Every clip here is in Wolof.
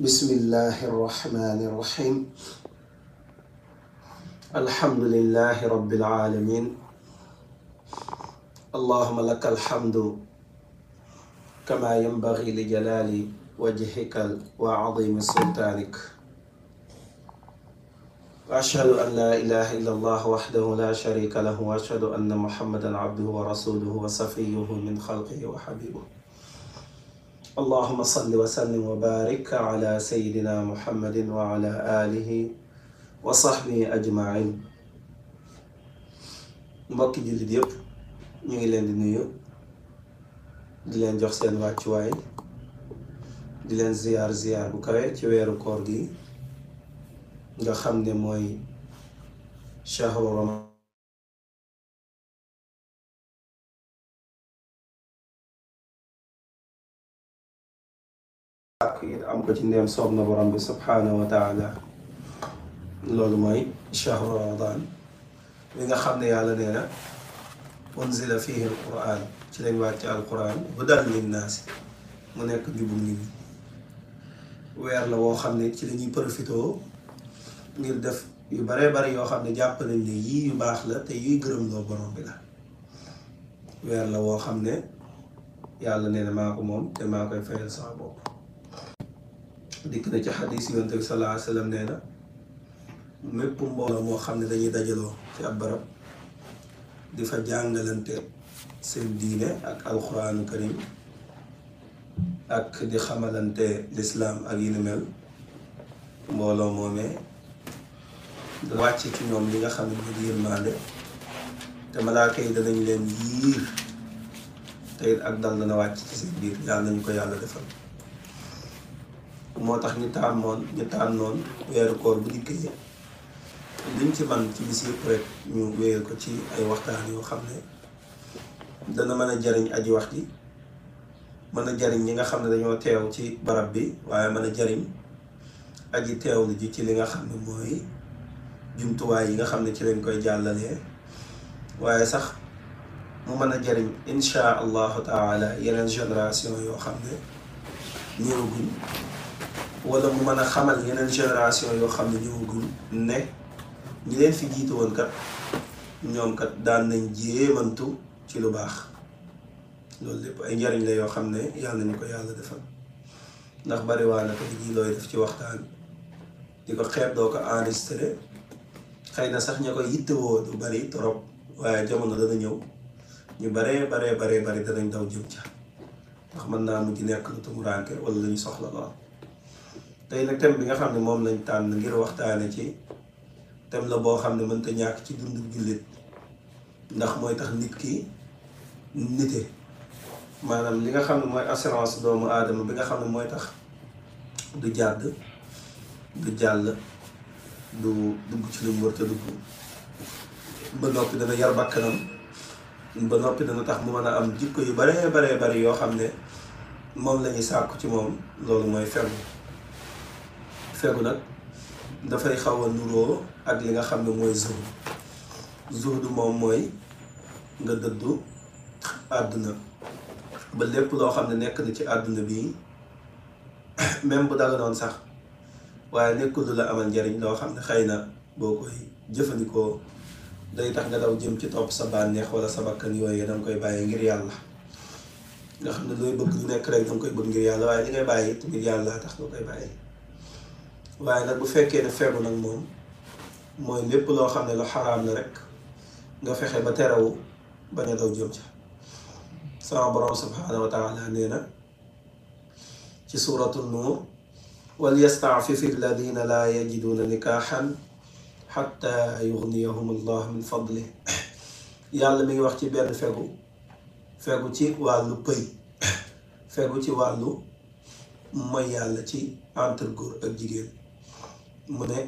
بسم الله الرحمن الرحيم الحمد لله رب العالمين اللهم لك الحمد كما ينبغي لجلال وجهك وعظيم سلطانك وأشهد أن لا إله إلا الله وحده لا شريك له وأشهد أن محمدا عبده ورسوله وصفيه من خلقه وحبيبه allahuma salli wa sallim wa barik ala sayidina muhammadin wa ala alihi wa sahbihi ajmain mbokki jullit yëpp ñu ngi leen di nuyu di leen jox seen wàccuwaay di leen ziyaar ziyaar bu kawe ci weeru koor gi nga xam ne mooy shahru ramadan ak it am ko ci ndeem soob na borom bi loolu mooy shahru ramadan li nga xam ne yàlla nee na unzila fihi alquran ci lañ wàcc alquran hudan linnaasi mu nekk njubum nit ñi weer la woo xam ne ci la ñuy ngir def yu baree bari yoo xam ne jàppale nañ ne yii yu baax la te yuy gërëm loo borom la weer la woo xam ne yàlla nee na maa ko moom te maa koy fayal sama bopp dikk na ci xadis yonte bi sallallahu alayhi wa sallam nee na mépp mbooloo moo xam ne dañuy dajaloo ci ab barab di fa jàngalante seen diine ak alxuraanu karim ak di xamalante lislaam ak yi ni mel mbooloo moomee wàcc ci ñoom li nga xam ne mooy di yërmande te malaaka yi danañ leen yiir te ak dal dana wàcc ci seen biir yàlla nañu ko yàlla defal moo tax ñu tàmmoon ñu tànnoon weeru koor bu dikkee liñ ci man ci bis yëpp rek ñu wéyal ko ci ay waxtaan yoo xam ne dana mën a jariñ aji wax ji mën a jariñ ñi nga xam ne dañoo teew ci barab bi waaye mën a jariñ aji teewlu ji ci li nga xam ne mooy jumtuwaay yi nga xam ne ci lañ koy jàllalee waaye sax mu mën a jariñ insha allahu taala yeneen génération yoo xam ne ñëwaguñ wala mu mën a xamal yeneen génération yoo xam ne ñëwagul ne ñi leen fi jiitu woon kat ñoom kat daan nañ jéemantu ci lu baax loolu lépp ay njariñ la yoo xam ne yàlla nañu ko yàlla defal ndax bari waa naka di ci waxtaan di ko xeeb doo ko enregistré xëy na sax ña ko bari trop waaye jamono dana ñëw ñu baree baree baree bari danañ daw jëm ca ndax mën naa mujj nekk lu tumuraanke wala lu ñu soxla lool tey nag thème bi nga xam ne moom lañ tànn ngir waxtaane ci thème la boo xam ne mënta ñàkk ci dundu jullit ndax mooy tax nit ki nite maanaam li nga xam ne mooy assurance doomu aadama bi nga xam ne mooy tax du jàdd du jàll du dugg ci lu mu war dugg ba noppi dana yar ba noppi dana tax mu mën a am jikko yu baree baree bari yoo xam ne moom la ñuy sàkku ci moom loolu mooy ferme fegu nag dafay xaw a nuroo ak li nga xam ne mooy zuhd zuhd moom mooy nga dëddu àdduna ba lépp loo xam ne nekk na ci àdduna bi même bu daganoon sax waaye nekk lu la amal njariñ loo xam ne xëy na boo koy jëfandikoo day tax nga daw jëm ci topp sa bànneex wala sa bakkan yooyu danga koy bàyyi ngir yàlla nga xam ne looy bëgg lu nekk rek danga koy bëgg ngir yàlla waaye li ngay bàyyi it ngir yàlla tax nga koy bàyyi waaye nag bu fekkee ne fegu nag moom mooy lépp loo xam ne lu xaraam la rek nga fexe ba terewu bañ a daw jëm ca sama borom subhaanahu taala nee na ci suuratu nuur wal yastaafifi alladina laa yajiduuna nikaaxan xatta yugniyahum allah min fadli yàlla mi ngi wax ci benn fegu fegu ci wàllu pëy fegu ci wàllu mooy yàlla ci entre góor ak jigéen mu ne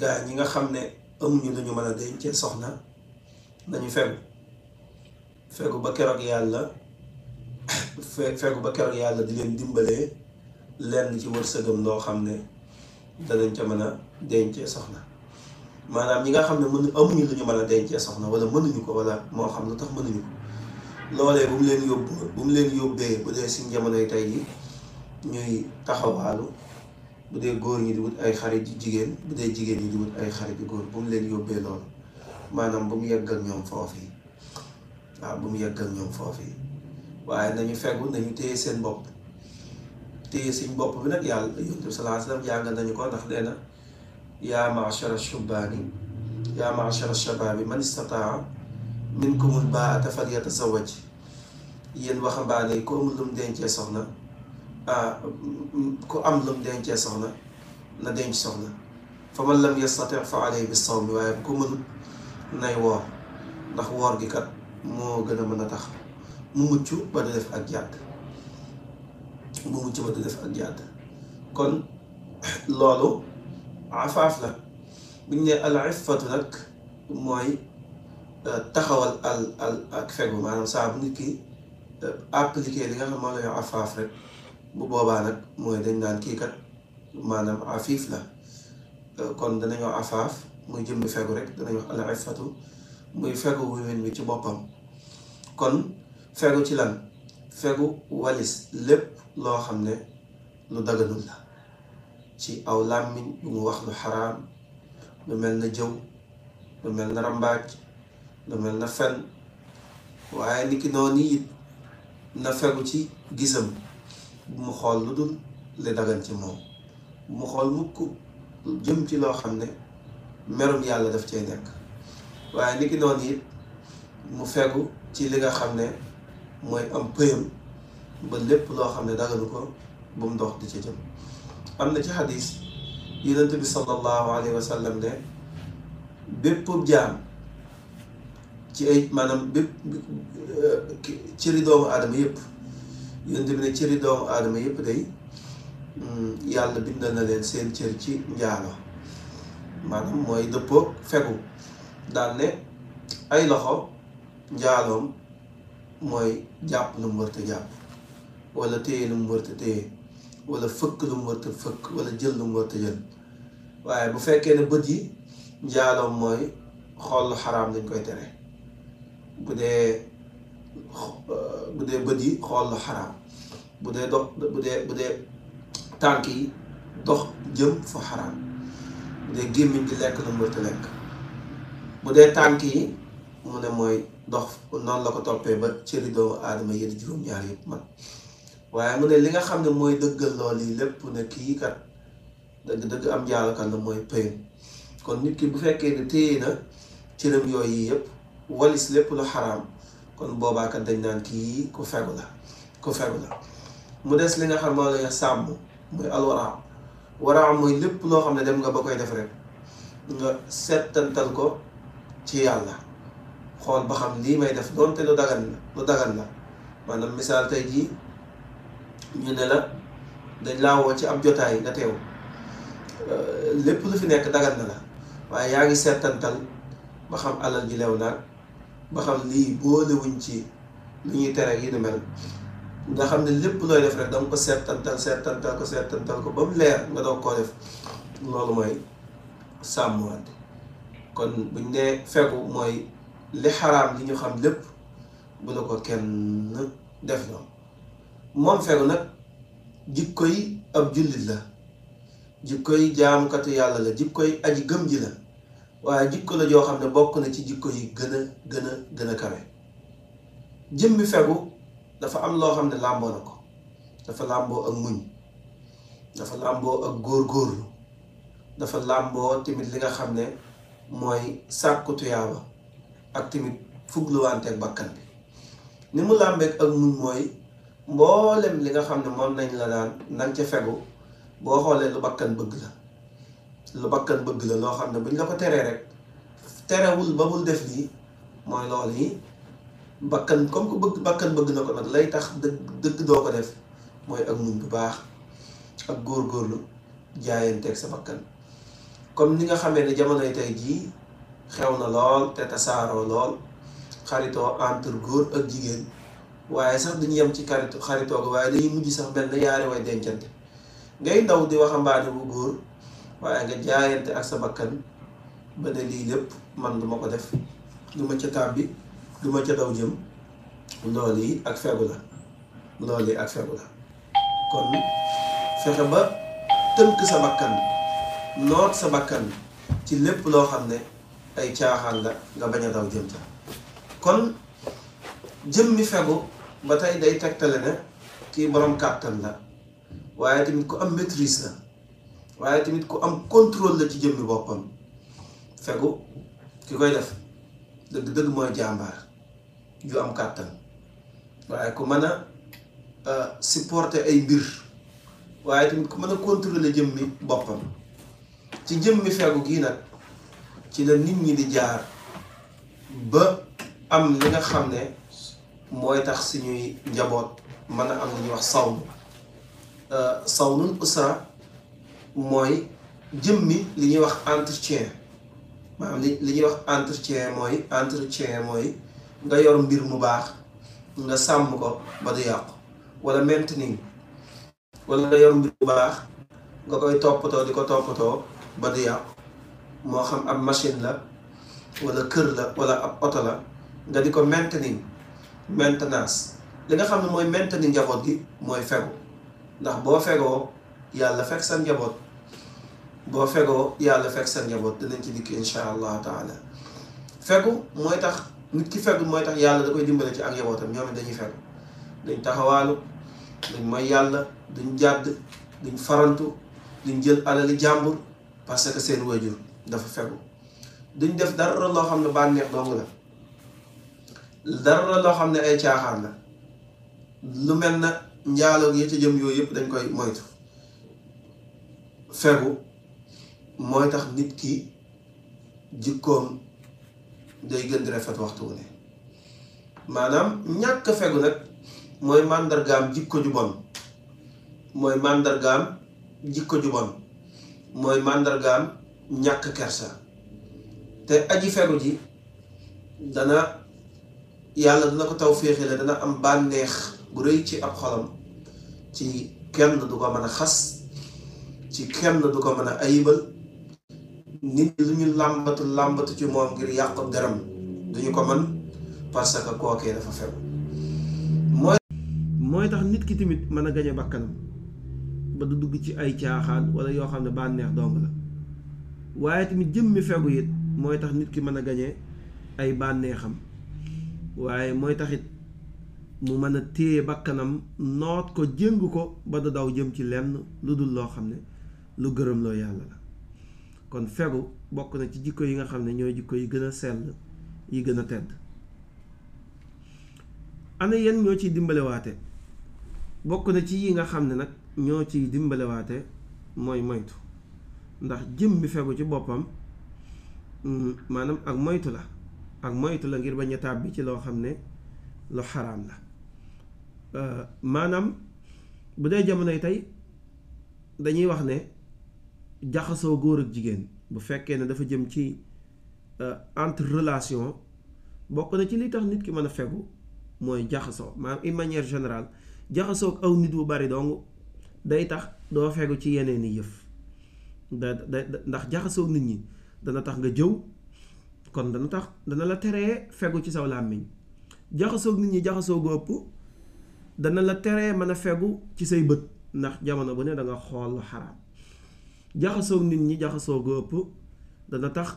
gaa ñi nga xam ne amuñu lu ñu mën a dencee soxna nañu fegu fegu ba keroog yàlla fe ba keroog yàlla di leen dimbalee lenn ci wërsëgam loo xam ne danañ ca mën a dencee soxna maanaam ñi nga xam ne mënu amuñu lu ñu mën a dencee soxna wala mënuñu ko wala moo xam lu tax mënuñu ko loolee bu mu leen yóbbu bu mu leen yóbbee bu dee si jamonoy tey yi ñuy taxawaalu bu dee góor ñi di wut ay xarit yu jigéen bu dee jigéen ñi di wut ay xarit yu góor bu mu leen yóbbee loolu maanaam bu mu yeggal ñoom foofu yi waaw bu mu yeggal ñoom foofu yi waaye nañu fegu nañu téye seen bopp téye suñ bopp bi nag yàlla yonent bi salaa salaam jàngal nañu ko ndax nee na yaa maachara shubaani yaa maachara shabaabi man istataa minkumul baata fal yatasawaj yéen waxambaane yi ko lu mu dencee soxna Ah, mm, mm, ku am lu mu dencee soxla na denc soxla fa man lam yastati fa alayhi bi sawmi waaye bu ko mënut nay woor ndax woor gi kat moo gën a mën a tax mu mucc ba du def ak jàdd mu mucc ba kon loolu afaaf la bu ñu nee al iffatu nag mooy euh, taxawal al al ak fegu maanaam saa bu nit ki euh, appliqué li nga xam moo lay afaaf rek bu boobaa nag mooy dañ naan kii kat maanaam afiif la euh, kon danañu afaaf muy jëmmi fegu rek danañu al ifatu muy fegu wéwén bi ci boppam kon fegu ci lan fegu walis lépp loo xam ne lu daganul la ci aw làmmiñ bu wax lu xaraam lu mel na jëw lu mel na rambaaj lu mel na fen waaye niki noonu na fegu ci gisam bu mu xool lu dul li dagan ci moom bu mu xool mukk jëm ci loo xam ne merum yàlla def cay nekk waaye niki noonu it mu fegu ci li nga xam ne mooy am pëyam ba lépp loo xam ne daganu ko bu mu dox di ci jëm am na ci xadis yonent bi sallallahu alayhi wa sallam ne bépp jaam ci ay maanaam bépp euh, cëri doomu aadama yépp yonent bi ne cëri doomu aadama yépp day hmm, yàlla bindal na leen seen cër ci njaalo maanaam mooy dëppoog fegu daan ne ay loxo njaaloom mooy jàpp lu mu wërta jàpp wala téye lu mu wërta téye wala fëkk lu mu wërta fëkk wala jël lu mu wërta jël waaye bu fekkee ne bët yi njaaloom mooy xool lu xaraam lañ koy tere bu dee bët yi xool lu xaraam bu dee dox bu dee bu dee tànk yi dox jëm fu xaraam bu dee gémmiñ di lekk lu mënta lekk bu dee tànk yi mu ne mooy dox noonu la ko toppee ba cëri doomu aadama yi juróom-ñaar yëpp man waaye mu ne li nga xam ne mooy dëggal lool yi lépp ne kii kat dëgg dëgg am jaalakat la mooy pëyam kon nit ki bu fekkee ne téye na cëram yooyu yëpp walis lépp lu xaraam kon boobaa dañ naan kii ku fegu la ku fegu la mu des li nga xam moo lay sàmm muy alwaraam waraam mooy lépp loo xam ne dem nga ba koy def rek nga settantal ko ci yàlla xool ba xam lii may def doonte lu dagan la lu dagan la maanaam misaal tey jii ñu ne la dañ laa woo ci ab jotaay nga teew lépp lu fi nekk dagan na la waaye yaa ngi settantal ba xam alal ji lew naag ba xam lii boolewuñ ci lu ñuy tere yi ni mel nga xam ne lépp looy def rek da nga ko seetantal seetantal ko seetantal ko ba mu leer nga doog koo def mooy sàmmwante kon buñ mooy li xaraam li ñu xam lépp bu la ko kenn def noonu moom fegu nag jikkoy ab jullit la koy jaamukatu yàlla la koy aj gëm ji la waaye jikko la joo xam ne bokk na ci jikko yi gën a gën a gën a kawe jëmmi fegu dafa am loo xam ne làmboo na ko dafa làmboo ak muñ dafa làmboo ak góorgóorlu dafa làmboo tamit li nga xam ne mooy sàkku tuyaaba ak tamit fugluwante ak bakkan bi ni mu làmbeek ak muñ mooy mboolem li nga xam ne moom nañ la daan nañ ca fegu boo xoolee lu bakkan bëgg la lu bakkan bëgg la loo xam ne buñ la ko teree rek terewul ba bul def lii mooy loolu yi bakkan comme que bëgg bakkan bëgg na ko nag lay tax dëgg doo ko def mooy ak muñ bu baax ak góor góorlu góorgóorlu jaayanteeg sa bakkan comme ni nga xamee ne jamonoy tey jii xew na lool te tasaaroo lool xaritoo entre góor ak jigéen waaye sax duñu yem ci xaritoo xaritoo ko waaye dañuy mujj sax mel na yaari way dencante ngay ndaw di waxambaane bu góor waaye nga jaayante ak sa bakkan ba ne lii lépp man du ma ko def du ma ca tàbbi du ma ca daw jëm loolu yi ak fegu la loolu yi ak fegu la kon fexe ba tënk sa bakkan lool sa bakkan ci lépp loo xam ne ay caaxaan la nga bañ daw jëm ca kon jëm mi fegu ba tey day tegtale ne kii borom kàttan la waaye tamit ku am maîtrise la waaye tamit ku am contrôle la ci jëmmi boppam fegu ki koy def dëgg dëgg mooy jàmbaar ju am kàttan waaye ku mën a euh, supporter ay mbir waaye tamit ku mën a contrôler jëmmi boppam ci jëmmi fegu gii nag ci la nit ñi di jaar ba am li nga xam ne mooy tax suñuy njaboot mën a am lu ñuy wax saw euh, sawnul usra mooy jëmmi li ñuy wax entretien li ñuy wax entretien mooy entretien mooy nga yor mbir mu baax nga sàmm ko ba du yàqu wala maintenir wala nga yor mbir mu baax nga koy toppatoo di ko toppatoo ba du yàqu moo xam ab machine la wala kër la wala ab oto la nga di ko maintenir maintenance li nga xam ne mooy maintenir njaboot gi mooy fegu ndax boo fegoo yàlla fekk sa njaboot boo fegoo yàlla fekk sa njaboot dinañ ci dikk insha allahu taala fegu mooy tax nit ki fegu mooy tax yàlla da koy dimbale ci ak njabootam ñoom it dañuy fegu dañ taxawaalu dañ mooy yàlla duñ jàdd duñ farantu duñ jël alali jàmbur parce que seen waajur dafa fegu duñ def dara loo xam ne bànneex dong la dara loo xam ne ay caaxaan la lu mel na njaaloo ya ca jëm yooyu yëpp dañ koy moytu fegu mooy tax nit ki jikkoom day gën di rafet waxtu wu maanaam ñàkk fegu nag mooy màndargaam jikko ju mooy màndargaam jikko mooy màndargaam ñàkk kersa te aji fegu ji dana yàlla dana ko taw féexi la dana am bànneex bu rëy ci ab xolam ci kenn du ko mën a xas ci kenn du ko mën a ayibal nit lu ñu làmbatu làmbatu ci moom ngir yàqu deram duñu ko mën parce que kookee dafa fem mooy mooy tax nit ki timit mën a gañe bakkanam ba du dugg ci ay caaxaan wala yoo xam ne bànneex dong la waaye tamit jëmmi fegu it mooy tax nit ki mën a gañe ay bànneexam waaye mooy taxit mu mën a téye bakkanam noot ko jëng ko ba du daw jëm ci lenn lu dul loo xam ne lu gërëm loo yàlla la kon fegu bokk na ci jikko yi nga xam ne ñoo jikko yi gën a sell yi gën a tedd ana yan ñoo ciy dimbalewaate bokk na ci yi nga xam ne nag ñoo ciy dimbalewaate mooy moytu ndax jëm bi fegu ci boppam mm, maanaam ak moytu la ak moytu la ngir bañ a tàbbi ci loo xam ne lu xaraam la euh, maanaam bu dee jamonoy tey dañuy wax ne jaxasoo góor ak jigéen bu fekkee ne dafa jëm ci euh, entre relation bokk na ci li tax nit ki mën a fegu mooy jaxasoo maanaam une manière générale jaxasoo ak aw nit wu bari dong day tax doo fegu ci yeneen i yëf da da ndax jaxasoo nit ñi dana tax nga jëw kon dana tax dana la teree fegu ci saw làmmiñ jaxasoo nit ñi jaxasoo gu ëpp dana la teree mën a fegu ci say bët ndax jamono bu ne da nga xool lu xaraam jaxasoog nit ñi jaxasoo gu ëpp dana tax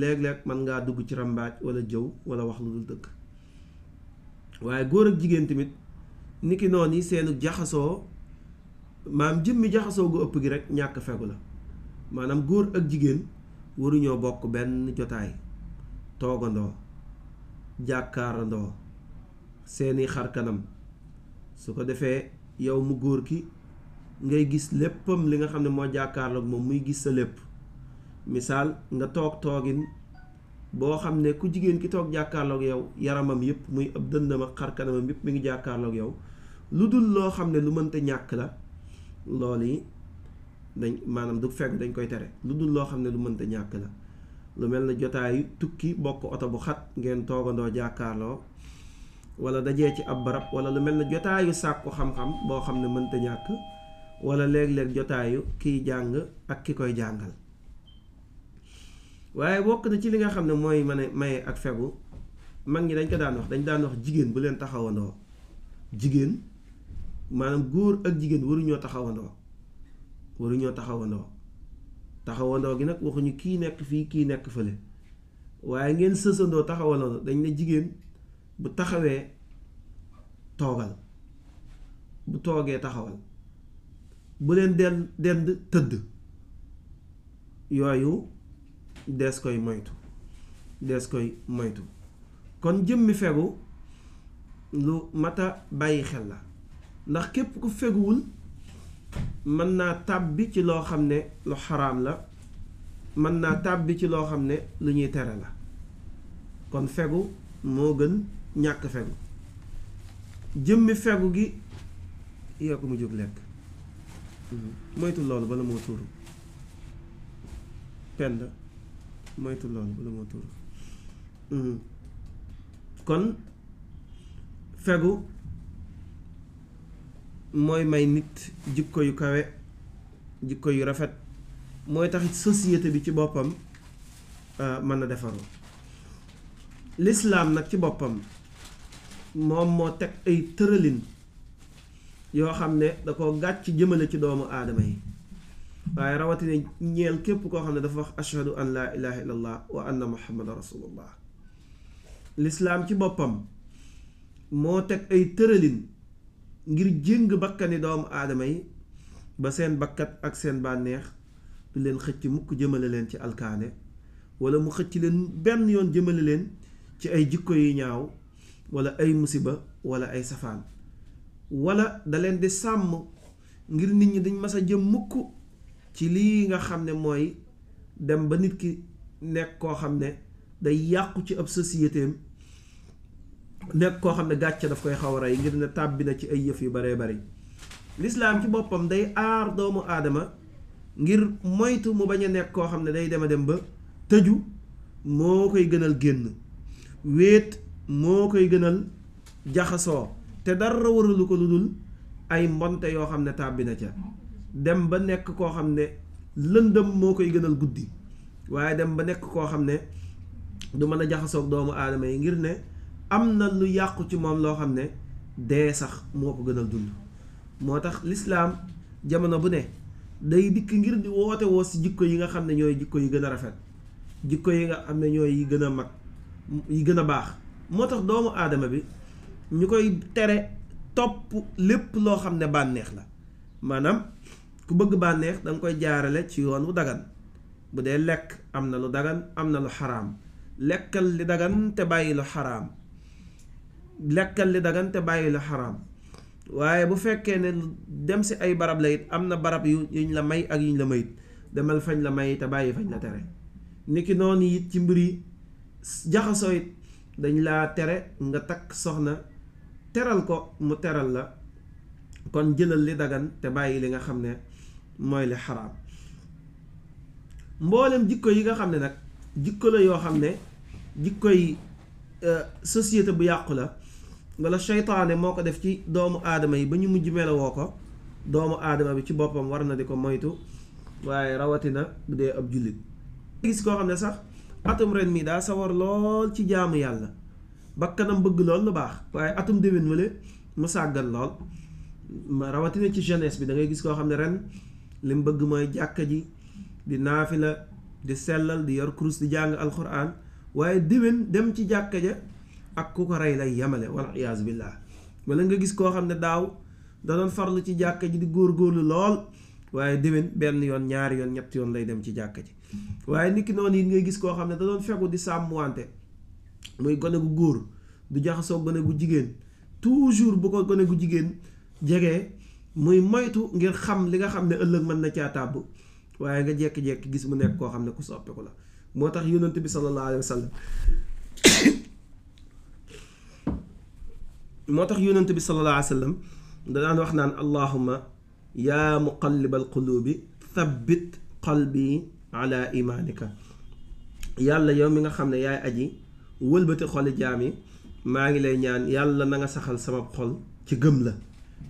léeg-léeg mën ngaa dugg ci ràmbaaj wala jëw wala wax lu dul dëgg waaye góor ak jigéen tamit niki noonu yi seenu jaxasoo maam mi jaxasoo gu ëpp gi rekk ñàkk fegu la maanaam góor ak jigéen waruñoo bokk benn jotaay toogandoo jàkkaarandoo seeni xar kanam su ko defee yow mu góor ki ngay gis léppam li nga xam ne moo jàkkaarlook moom muy gis sa lépp misaal nga toog toogin boo xam ne ku jigéen ki toog jàkkaarlook yow yaramam yëpp muy ab dëndam ak xar kanamam yëpp mi ngi jàkkaarloog yow lu dul loo xam ne lu mënta ñàkk la loolu yi dañ maanaam du fekk dañ koy tere lu dul loo xam ne lu mënta ñàkk la lu mel ne jotaayu tukki bokk oto bu xat ngeen toogandoo jàkkaarloo walla dajee ci ab barab wala lu mel ne jotaayu sàkku xam-xam boo xam ne mënta wala léeg-léeg jotaayu kiy jàng ak ki koy jàngal waaye bokk na ci li nga xam ne mooy mën a maye ak fegu mag ñi dañ ko daan wax dañ daan wax jigéen bu leen taxawandoo jigéen maanaam góor ak jigéen waruñoo taxawandoo waruñoo taxawandoo taxawandoo gi nag waxuñu kii nekk fii kii nekk fële waaye ngeen sësandoo taxawandoo dañ ne jigéen bu taxawee toogal bu toogee taxawal bu leen dend tëdd yooyu dees koy moytu dees koy moytu kon jëmmi fegu lu mata bàyyi xel la ndax képp ku feguwul mën naa tàbbi ci loo xam ne lu xaraam la mën naa tàbbi ci loo xam ne lu ñuy tere la kon fegu moo gën ñàkk fegu jëmmi fegu gi yee ko mu jóg lekk moytu moytu loolu bala moo tuuru pend moytu loolu bala moo tuuru hmm. kon fegu mooy may nit jikko yu kawe jikko yu rafet mooy taxit société bi ci boppam euh, mën na defaru lislaam nag ci boppam moom moo teg ay tërëlin yoo xam ne da ko gàcc jëmale ci doomu aadama yi waaye rawatina ñeel képp koo xam ne dafa wax ashhadu an laa ilaha illallah wa anna muhammadan rasulullah lislaam ci boppam moo teg ay tëralin ngir jëng bakkani doomu aadama yi ba seen bakkat ak seen bànneex du leen xëcc mukk jëmale leen ci alkaane wala mu xëcc leen benn yoon jëmale leen ci ay jikko yu ñaaw wala ay musiba wala ay safaan wala da leen di sàmm ngir nit ñi dañ mas a jëm mukk ci lii nga xam ne mooy dem ba nit ki nekk koo xam ne day yàqu ci ab sociétéem nekk koo xam ne gàcce daf koy xaw a rey ngir ne tàbbi na ci ay yëf yu baree bari lislaam ci boppam day aar doomu aadama ngir moytu mu bañ a nekk koo xam ne day dem a dem ba tëju moo koy gënal génn wéet moo koy gënal jaxasoo te dara waralu ko lu dul ay mbonte yoo xam ne tàbbi na ca dem ba nekk koo xam ne lëndëm moo koy gënal guddi waaye dem ba nekk koo xam ne du mën a jaxasoog doomu aadama yi ngir ne am na lu yàqu ci moom loo xam ne dee sax moo ko gënal dund moo tax lislaam jamono bu ne day dikk ngir di woote woo si jikko yi nga xam ne ñooy jikko yi gën a rafet jikko yi nga xam ne yi gën a mag yi gën a baax moo tax doomu aadama bi ñu koy tere topp lépp loo xam ne bànneex la maanaam ku bëgg bànneex danga koy jaarale ci yoon wu dagan bu dee lekk am na lu dagan am na lu xaraam lekkal li dagan te bàyyi lu xaraam lekkal li dagan te bàyyi lu xaraam waaye bu fekkee ne dem si ay barab la it am na barab yu yuñ la may ak yuñ la mayit demal fañ la may te bàyyi fañ la tere niki noonu it ci mbir yi jaxasoo it dañ laa tere nga takk soxna teral ko mu teral la kon jëlal li dagan te bàyyi li nga xam ne mooy li xaraam mboolem jikko yi nga xam ne nag jikko la yoo xam ne jikkoy euh, société bu yàqu la wala seytaane moo ko def ci doomu aadama yi ba ñu mujj melowoo ko doomu aadama bi ci boppam war na di ko moytu waaye rawatina bu dee ab jullit gis koo xam ne sax atum ren mi daa sawar lool ci jaamu yàlla bakkanam bëgg lool lu baax waaye atum déwén wala mu sàggan lool ma rawatina ci jeunesse bi da ngay gis koo xam ne ren lim bëgg mooy jàkka ji di naafila di sellal di yor kurus di jàng alxuraan waaye déwén dem ci jàkka ja ak ku ko rey lay yemale wal iyaazu billaah wala nga gis koo xam ne daaw da doon farlu ci jàkka ji di góor góorgóorlu lool waaye déwén benn yoon ñaari yoon ñett yoon lay dem ci jàkka ji waaye nit ki noonu it ngay gis koo xam ne da doon fegu di sàmmwante muy gone gu góor du jaxasoo gone gu jigéen toujours bu ko gone gu jigéen jege muy moytu ngir xam li nga xam ne ëllëg mën na caa tàbb waaye nga jekki-jekki gis mu nekk koo xam ne ku soppiku la moo tax yonent bi sallallahu alayhi wa sallam moo tax yonent bi sallallahu alayhi wa sallam da daan wax naan allahuma yaa muqallibal quluubi thabbit qalbi ala imaanika yàlla yow mi nga xam ne yaay aji wëlbati xoli jaam yi maa ngi lay ñaan yàlla na nga saxal sama xol ci gëm la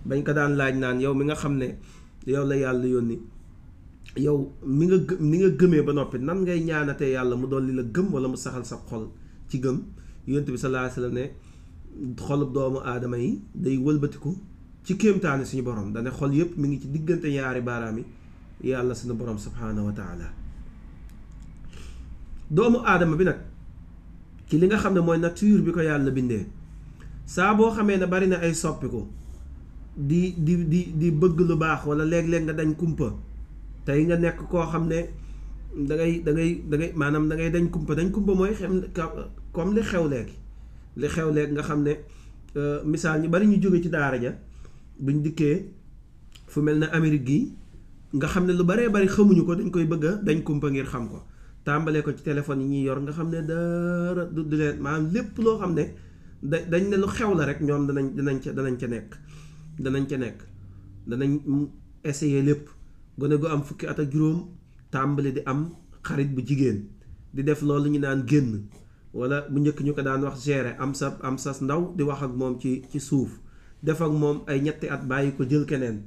bañ ko daan laaj naan yow mi nga xam ne yow la yàlla yónni yow mi nga gë mi nga gëmee ba noppi nan ngay ñaanatee yàlla mu li la gëm wala mu saxal sa xol ci gëm yonent bi sallallahu alayhi wasallam ne xolub doomu aadama yi day wëlbatiku ci kéemtaani suñu borom dane xol yépp mu ngi ci diggante ñaari baaraam yi yàlla suñu borom subhaanahu wa taala doomu aadama bi nag ci li nga xam ne mooy nature bi ko yàlla bindee saa boo xamee ne bari na ay soppiku di di di di bëgg lu baax wala léeg-léeg nga dañ kumpa tey nga nekk koo xam ne dangay dangay dangay maanaam da ngay dañ kumpa dañ kumpa mooy xem comme li xew léegi li xew léegi nga xam ne euh, misaal ñu bari ñu jóge ci daara ja buñ dikkee fu mel ne Amérique gi nga xam ne lu baree bari xamuñu ko dañ koy bëgg dañ kumpa ngir xam ko tàmbalee ko ci téléphone yi ñuy yor nga xam ne dara du du leen maanaam lépp loo xam ne dañ ne lu xew la rek ñoom danañ danañ ca danañ ca nekk danañ ca nekk danañ essayer lépp gone gu am fukki at ak juróom tàmbali di am xarit bu jigéen di def loolu ñu naan génn wala bu njëkk ñu ko daan wax gérer am sa am sas ndaw di wax ak moom ci ci suuf def ak moom ay ñetti at bàyyi ko jël keneen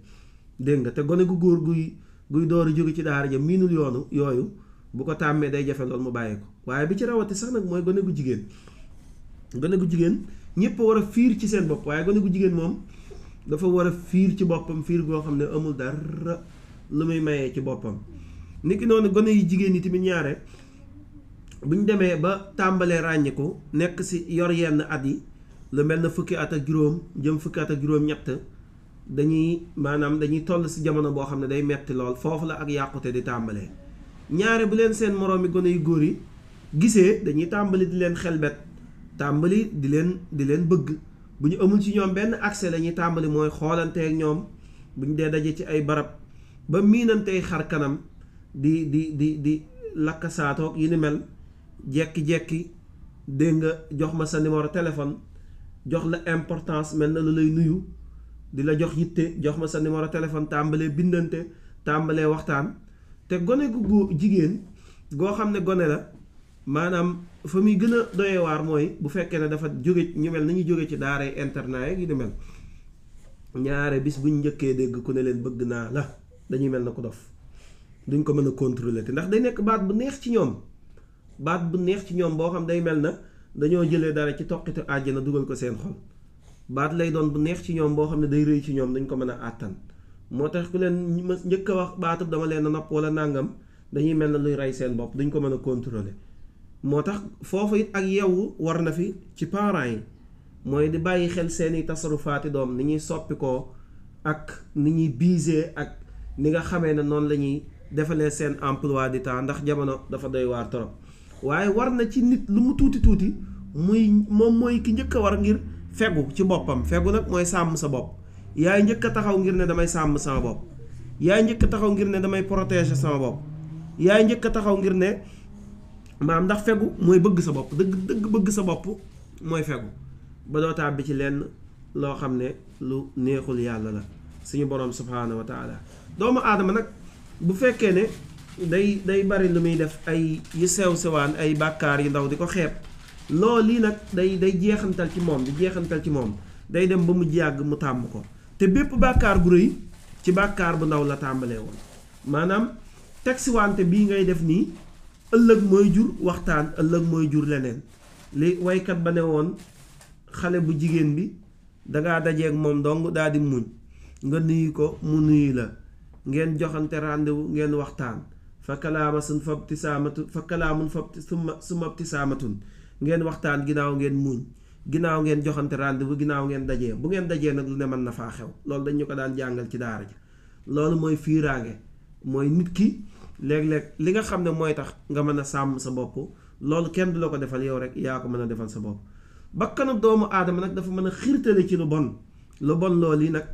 dégg nga te gone gu góor guy guy door a jóge ci daara ja miinul yoonu yooyu bu ko tàmmee day jafe lool mu bàyyi ko waaye bi ci rawati sax nag mooy gone gu jigéen gone gu jigéen ñëpp war a fiir ci seen bopp waaye gone gu jigéen moom dafa war a fiir ci boppam fiir goo xam ne amul dara lu muy mayee ci boppam niki noonu gone yu jigéen yi tamit ñaare buñ demee ba tàmbalee ràññiku nekk si yor yenn at yi lu mel na fukki at ak juróom jëm fukki at ak juróom-ñett dañuy maanaam dañuy toll si jamono boo xam ne day metti lool foofu la ak yàqute di tàmbalee ñaare bu leen seen moroomi gone yu góor yi gisee dañuy tàmbali di leen xelbet tàmbali di leen di leen bëgg bu ñu amul ci ñoom benn accès lañuy tàmbali mooy xoolanteeg ñoom bu ñu dee dajee ci ay barab ba miinantey xar kanam di di di di lakk saatoog yi ni mel jekki-jekki dégg nga jox ma sa numéro téléphone jox la importance mel na lu lay nuyu di la jox yitte jox ma sa numéro téléphone tàmbalee bindante tàmbalee waxtaan te gone gu góor jigéen goo xam ne gone la maanaam fa muy gën a doyee waar mooy bu fekkee ne dafa jóge ñu mel nañu jóge ci daara internat yeeg yi di mel ñaare bis bu buñ njëkkee dégg ku ne leen bëgg naa la dañuy mel na ku dof duñ ko mën a contrôler te ndax day nekk baat bu neex ci ñoom baat bu neex ci ñoom boo xam day mel na dañoo jëlee dara ci toqitu àjjana dugal ko seen xol baat lay doon bu neex ci ñoom boo xam ne day rëy ci ñoom dañ ko mën a àttan moo tax ku leen ma njëkk a wax baatub dama leen a napp wala nàngam dañuy mel na luy rey seen bopp duñ ko mën a contrôler moo tax foofu it ak yeewu war na fi ci parent yi mooy di bàyyi xel seeni tasarufaati doom ni ñuy soppi ko ak ni ñuy biser ak ni nga xamee ne noonu la ñuy defalee seen emplois de temps ndax jamono dafa doy waar trop waaye war na ci nit lu mu tuuti tuuti muy moom mooy ki njëkk a war ngir fegu ci boppam fegu nag mooy sàmm sa bopp yaay njëkk a taxaw ngir ne damay sàmm sama bopp yaay njëkk a taxaw ngir ne damay protéger sama bopp yaay njëkk a taxaw ngir ne maam ndax fegu mooy bëgg sa bopp dëgg dëgg bëgg sa bopp mooy fegu ba bi ci lenn loo xam ne lu neexul yàlla la suñu borom subhaanahu wa taala doomu aadama nag bu fekkee ne day day bari lu muy def ay yu sew sewaan ay bàkkaar yu ndaw di ko xeeb loolu lii nag day day jeexantal ci moom di jeexantal ci moom day dem ba mu yàgg mu tàmm ko te bépp bàkkaar bu rëy ci bàkkaar bu ndaw la tàmbalee woon maanaam taxiwante bii ngay def nii ëllëg mooy jur waxtaan ëllëg mooy jur leneen li waykat ba ne woon xale bu jigéen bi danga dajeeg moom dong daal di muñ nga nuyu ko mu nuyu la ngeen joxante rendez-vous ngeen waxtaan fa kalaama sun fa ibtisaamatun fa kalaamun fa suma suma ibtisaamatun ngeen waxtaan ginnaaw ngeen muñ ginnaaw ngeen joxante rendez-vous ginnaaw ngeen dajee bu ngeen dajee nag lu ne mën na faa xew loolu dañu ko daan jàngal ci daara ji loolu mooy fiiraange mooy nit ki léeg-léeg li nga xam ne mooy tax nga mën a sàmm sa bopp loolu kenn du la ko defal yow rek yaa ko mën a defal sa bopp bakkanu doomu aadama nag dafa mën a xiirtale ci lu bon lu bon loolu yi nag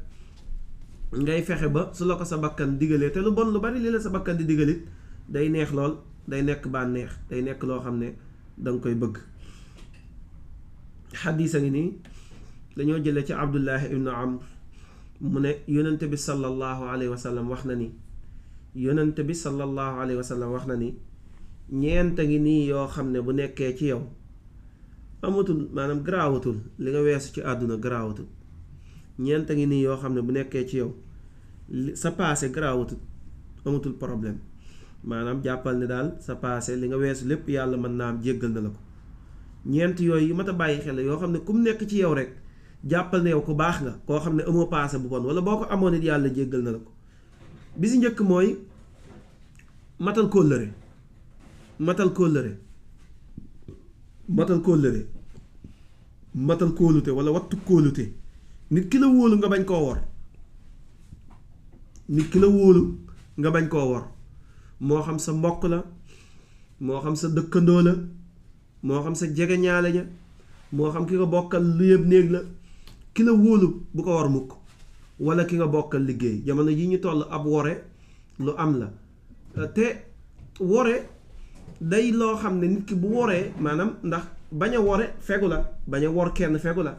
ngay fexe ba su la ko sa bakkan digalee te lu bon lu bari li la sa bakkan di digalit day neex lool day nekk bànneex day nekk loo xam ne danga koy bëgg xadiis a ngi nii dañoo jële ci abdullahi ibnu amr mu ne yonent bi sallallahu alayhi wa sallam wax na ni yonent bi sallallahu alayhi wa wax na ni ñeent a ngi nii yoo xam ne bu nekkee ci yow amatul maanaam garaawatul li nga weesu ci àdduna garaawatul ñeent a ngi nii yoo xam ne bu nekkee ci yow sa passé garaawatul amatul problème maanaam jàppal ne daal sa passé li nga weesu lépp yàlla mën naa am jéggal na la ko ñeent yooyu yu mat a bàyyi xel yoo xam ne ku mu nekk ci yow rek jàppal ne yow ku baax nga koo xam ne amoo paase bu bon wala boo ko amoon it yàlla jéggal na la ko bi si njëkk mooy matal kóllëre matal kóllëre matal kóllëre matal kóolute wala wattu kóolute nit ki la wóolu nga bañ koo wor nit ki la wóolu nga bañ koo wor moo xam sa mbokk la moo xam sa dëkkandoo la moo xam sa jege ñaale ña moo xam ki nga bokkal lu yëpp néeg la ki la wóolu bu ko war a mukk wala ki nga bokkal liggéey jamono yi ñu toll ab wore lu am la te wore day loo xam ne nit ki bu woree maanaam ndax bañ a wore fegu la bañ a wor kenn fegu la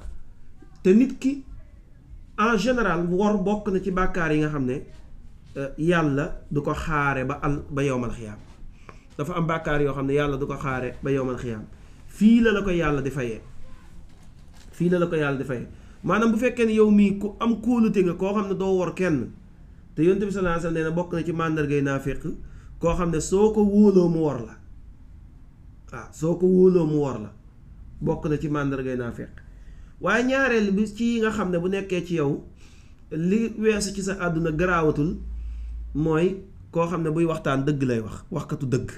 te nit ki en général wor bokk na ci bàkkaar yi nga xam ne euh, yàlla du ko xaare ba al ba yowmal xiyaam dafa am bàkkaar yoo xam ne yàlla du ko xaare ba yowmal xiyaam fii la la ko yàlla di fayee fii la la ko yàlla di fayee maanaam bu fekkee ne yow mii ku am kóolute nga koo xam ne doo war kenn te yonent bi sallallahu alayhi wasallam nee bokk na ci màndargay naaféq koo xam ne soo ko wóoloo mu wor la waaw soo ko wóoloo mu wor la bokk na ci màndargay naaféq waaye ñaareel bi ci nga xam ne bu nekkee ci yow li weesu ci sa àdduna garaawatul mooy koo xam ne buy waxtaan dëgg lay wax waxkatu dëgg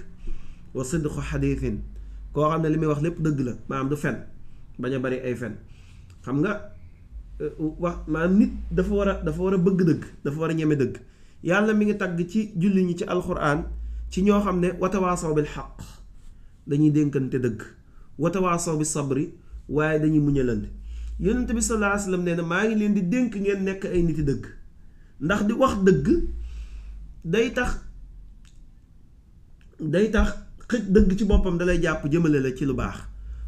wa sidqu xadiisin koo xam ne li muy wax lépp dëgg la maanaam du fen bañ a bari ay fen xam nga euh, wax maanaam nit dafa war a dafa war a bëgg dafa war a ñeme dëgg yàlla mi ngi tagg ci julli ñi ci alxuraan ci ñoo xam ne watawaasaw bil xaq dañuy dénkante dëgg watawaasaw bi sabri waaye dañuy muñalante yonent bi sallallahu alayhi wasallam nee na maa ngi leen di dénk ngeen nekk ay niti dëgg ndax di wax dëgg day tax day tax xëj dëgg ci boppam dalay jàpp jëmale la ci lu baax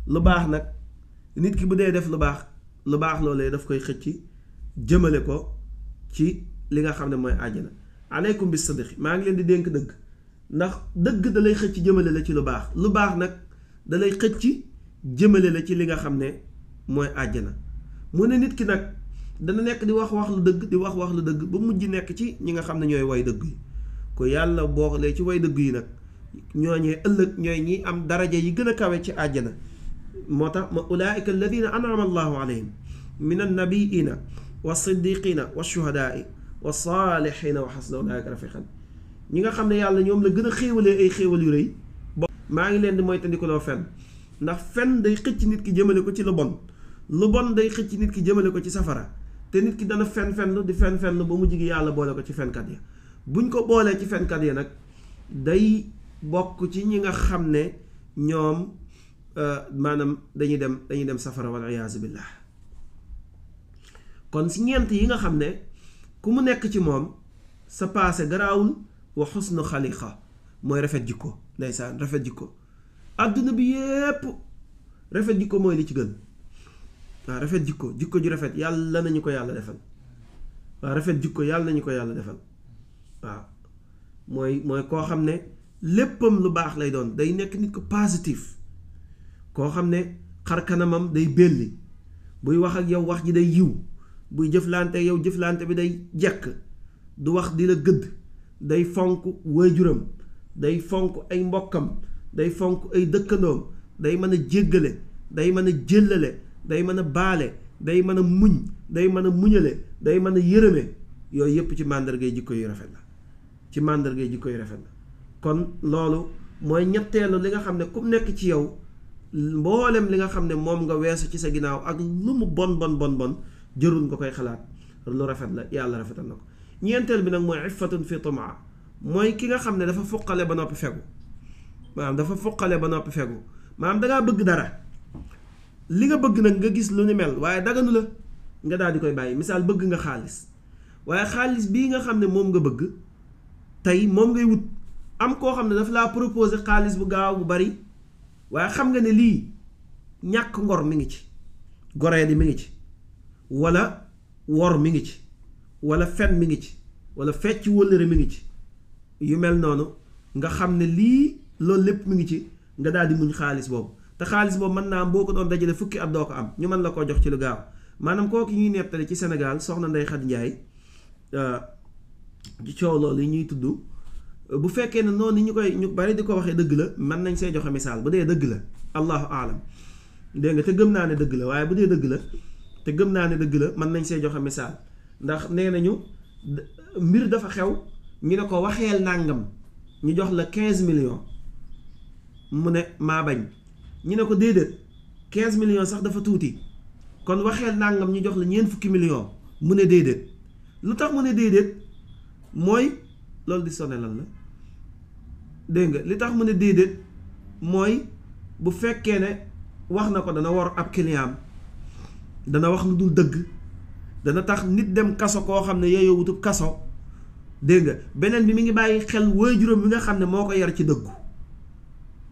lu baax nag nit ki bu dee def lu baax lu baax loolee daf koy xëcc jëmale ko ci li nga xam ne mooy àjjana aleykum bi sadaqi maa ngi leen di dénk dëgg ndax dëgg dalay xëcc jëmale la ci lu baax lu baax nag dalay xëcc jëmale la ci li nga xam ne mooy àjjana mu ne nit ki nag dana nekk di wax wax lu dëgg di wax wax lu dëgg ba mujj nekk ci ñi nga xam ne ñooy way dëgg yi ko yàlla boolee ci way dëgg yi nag ñooñee ëllëg ñooy ñi am daraja yi gën a kawe ci àjjana moo tax ma ulaayika alladina anama allahu alayhim min annabiina wa siddiqina wa shuhadaai wa saalixina wa xasna ulaayika rafiqan ñi nga xam ne yàlla ñoom la gën a xéewalee ay xéewal yu rëy bo maa ngi leen di mooy tandikuloo fenn ndax fenn day xëcc nit ki jëmale ko ci lu bon lu bon day xëcc nit ki jëmale ko ci safara te nit ki dana fen fenn di fen fenn ba mu jigi yàlla boole ko ci fenkat ya buñ ko boolee ci fenkat nag bokk ci ñi nga xam ne ñoom euh, maanaam dañuy dem dañuy dem safara wal iyaazu billah kon si ñeent yi nga xam ne ku mu nekk ci moom sa passé garaawul wa xusnu xaliqa mooy rafet jikko ndeysaan rafet jikko àdduna bi yépp rafet jikko mooy li ci gën waaw rafet jikko jikko ju rafet yàlla nañu ko yàlla defal waaw rafet jikko yàlla nañu ko yàlla defal waaw mooy mooy koo xam ne léppam lu baax lay doon day nekk nit ko positif koo xam ne xar kanamam day belli buy wax ak yow wax ji day yiw buy jëflante yow jëflante bi day jekk du wax di la gëdd day fonk waajuram day fonk ay mbokkam day fonk ay dëkkandoom day mën a jéggale day mën a jëllale day mën a baale day mën a muñ day mën a muñale day mën a yërëme yooyu yépp ci màndargay jikko yu rafet la ci màndargay jikko yu rafet la kon loolu mooy ñetteelu li nga xam ne ku nekk ci yow mboolem li nga xam ne moom nga weesu ci sa ginnaaw ak lu mu bon bon bon bon jërul nga koy xalaat lu rafet la yàlla rafetal na ko ñeenteel bi nag mooy iffatun fi tumaa mooy ki nga xam ne dafa fuqale ba noppi fegu maanaam dafa fuqale ba noppi fegu maanaam dangaa bëgg dara li nga bëgg nag nga gis lu ni mel waaye daganu la nga daal di koy bàyyi misaal bëgg nga xaalis waaye xaalis bii nga xam ne moom nga bëgg tey moom ngay wut am koo xam ne daf laa proposé xaalis bu gaaw bu bari waaye xam nga ne lii ñàkk ngor mi ngi ci goree di mi ngi ci wala wor mi ngi ci wala fet mi ngi ci wala fecc wëllëre mi ngi ci yu mel noonu nga xam ne lii loolu lépp mi ngi ci nga daal di muñ xaalis boobu te xaalis boobu mën naa am boo ko doon dajale fukki at doo ko am ñu mën la koo jox ci lu gaaw maanaam kooku ñuy nettali ci senegal soxna Ndeye Khady Ndiaye euh, ci coow loolu yi ñuy tudd bu fekkee ne noonu ñu koy ñu bari di ko waxee dëgg la man nañ see joxe misaal bu dee dëgg la allahu aalam dégg nga te gëm naa ne dëgg la waaye bu dee dëgg la te gëm naa ne dëgg la nañ see joxe misaal ndax nee nañu mbir dafa xew ñu ne ko waxeel nàngam ñu jox la 15 millions mu ne maa bañ ñu ne ko déedéet quinze millions sax dafa tuuti kon waxeel nàngam ñu jox la ñeent fukki millions mu ne déedéet lu tax mu ne déedéet mooy loolu di sone lan la dégg nga li tax mu ne déedéet mooy bu fekkee ne wax na ko dana war ab client dana wax lu dul dëgg dana tax nit dem kaso koo xam ne yeeyoo wutub kaso dégg nga beneen bi mu ngi bàyyi xel juróom bi nga xam ne moo ko yar ci dëggu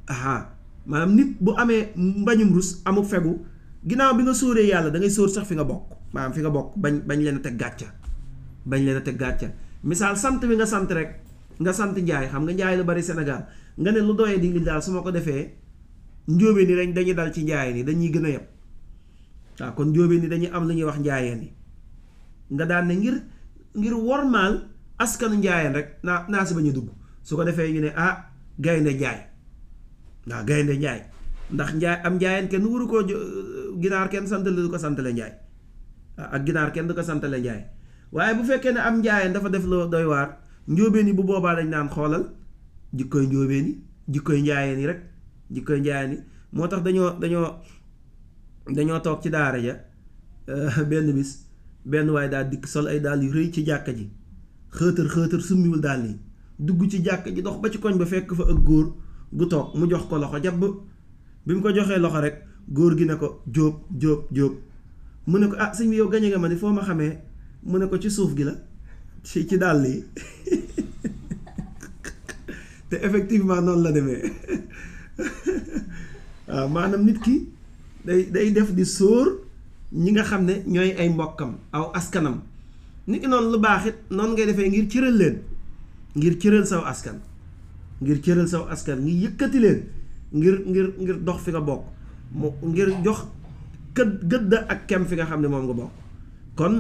aha maanaam nit bu amee mbañum rus amu fegu ginnaaw bi nga sóoree yàlla da ngay sóor sax fi nga bokk maanaam fi nga bokk bañ bañ leen a teg gàcca bañ leen a teg gàcca misaal sant bi nga sant rek nga sant njaay xam nga njaay lu bari Sénégal nga ne lu doyee di daal su ma ko defee njóobeen ni dañ dañuy dal ci njaay yi dañuy gën a yem waaw kon njóobeen ni dañuy am lu ñuy wax njaayeen yi nga daan ne ngir ngir wormaal askanu njaayeen rek naa naa si bañ a dugg su ko defee ñu ne ah gaynde njaay waaw gaynde njaay ndax njaay am njaayeen kenn waru koo euh, ginaar kenn santale du ko santale njaay ak ginaar kenn du ko santale njaay waaye bu fekkee ne am njaayeen dafa def loo doy waar njóobeen yi bu boobaa dañ naan xoolal jikkoy njóobeen yi jikkoy njaayeen ni rek jikkoy njaayeen yi moo tax dañoo dañoo dañoo toog ci daara ja euh, benn bis benn waaye daal dikk sol ay daal yu rëy ci jàkka ji xëtër xëtër summiwul daal nii dugg ci jàkka ji dox ba ci koñ ba fekk fa ak góor gu toog mu jox ko loxo jàpp bi mu ko joxee loxo rek góor gi ne ko jóob jóob jóob mu ne ko ah sëñ bi yow gañe nga ma ni foo ma xamee mu ne ko ci suuf gi la ci ci dàll yi te effectivement noonu la demee waaw maanaam nit ki day day def di sóor ñi nga xam ne ñooy ay mbokkam aw askanam nit ki noonu lu baax it noonu ngay defee ngir cëral leen ngir cëral saw askan ngir cëral saw askan ngir yëkkati leen ngir ngir ngir dox fi nga bokk mu ngir jox kë gëdd ak kem fi nga xam ne moom nga bokk kon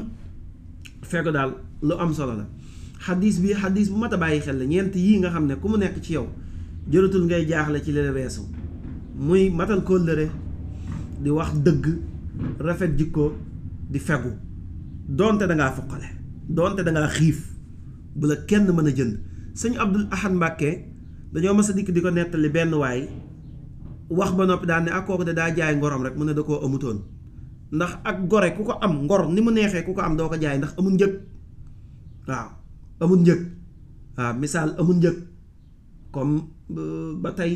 fekk daal lu am solo la xaddiis bi xaddiis bu mat a bàyyi xel la ñeent yii nga xam ne ku mu nekk ci yow jëlatul ngay jaaxle ci li la weesu muy matal kóllëre di wax dëgg rafet jikko di fegu donte danga foqale donte dangaa xiif bu la kenn mën a jënd sëñ Abdul Ahad Mbàkke dañoo mas a dikk di ko nettali benn waay wax ba noppi daal ak kooku de daa jaay ngorom rek mu ne da koo amutoon ndax ak gore ku ko am ngor ni mu neexee ku ko am doo ko jaay ndax amul njëg waaw amul njëg waaw misaal amul njëg comme euh, ba tey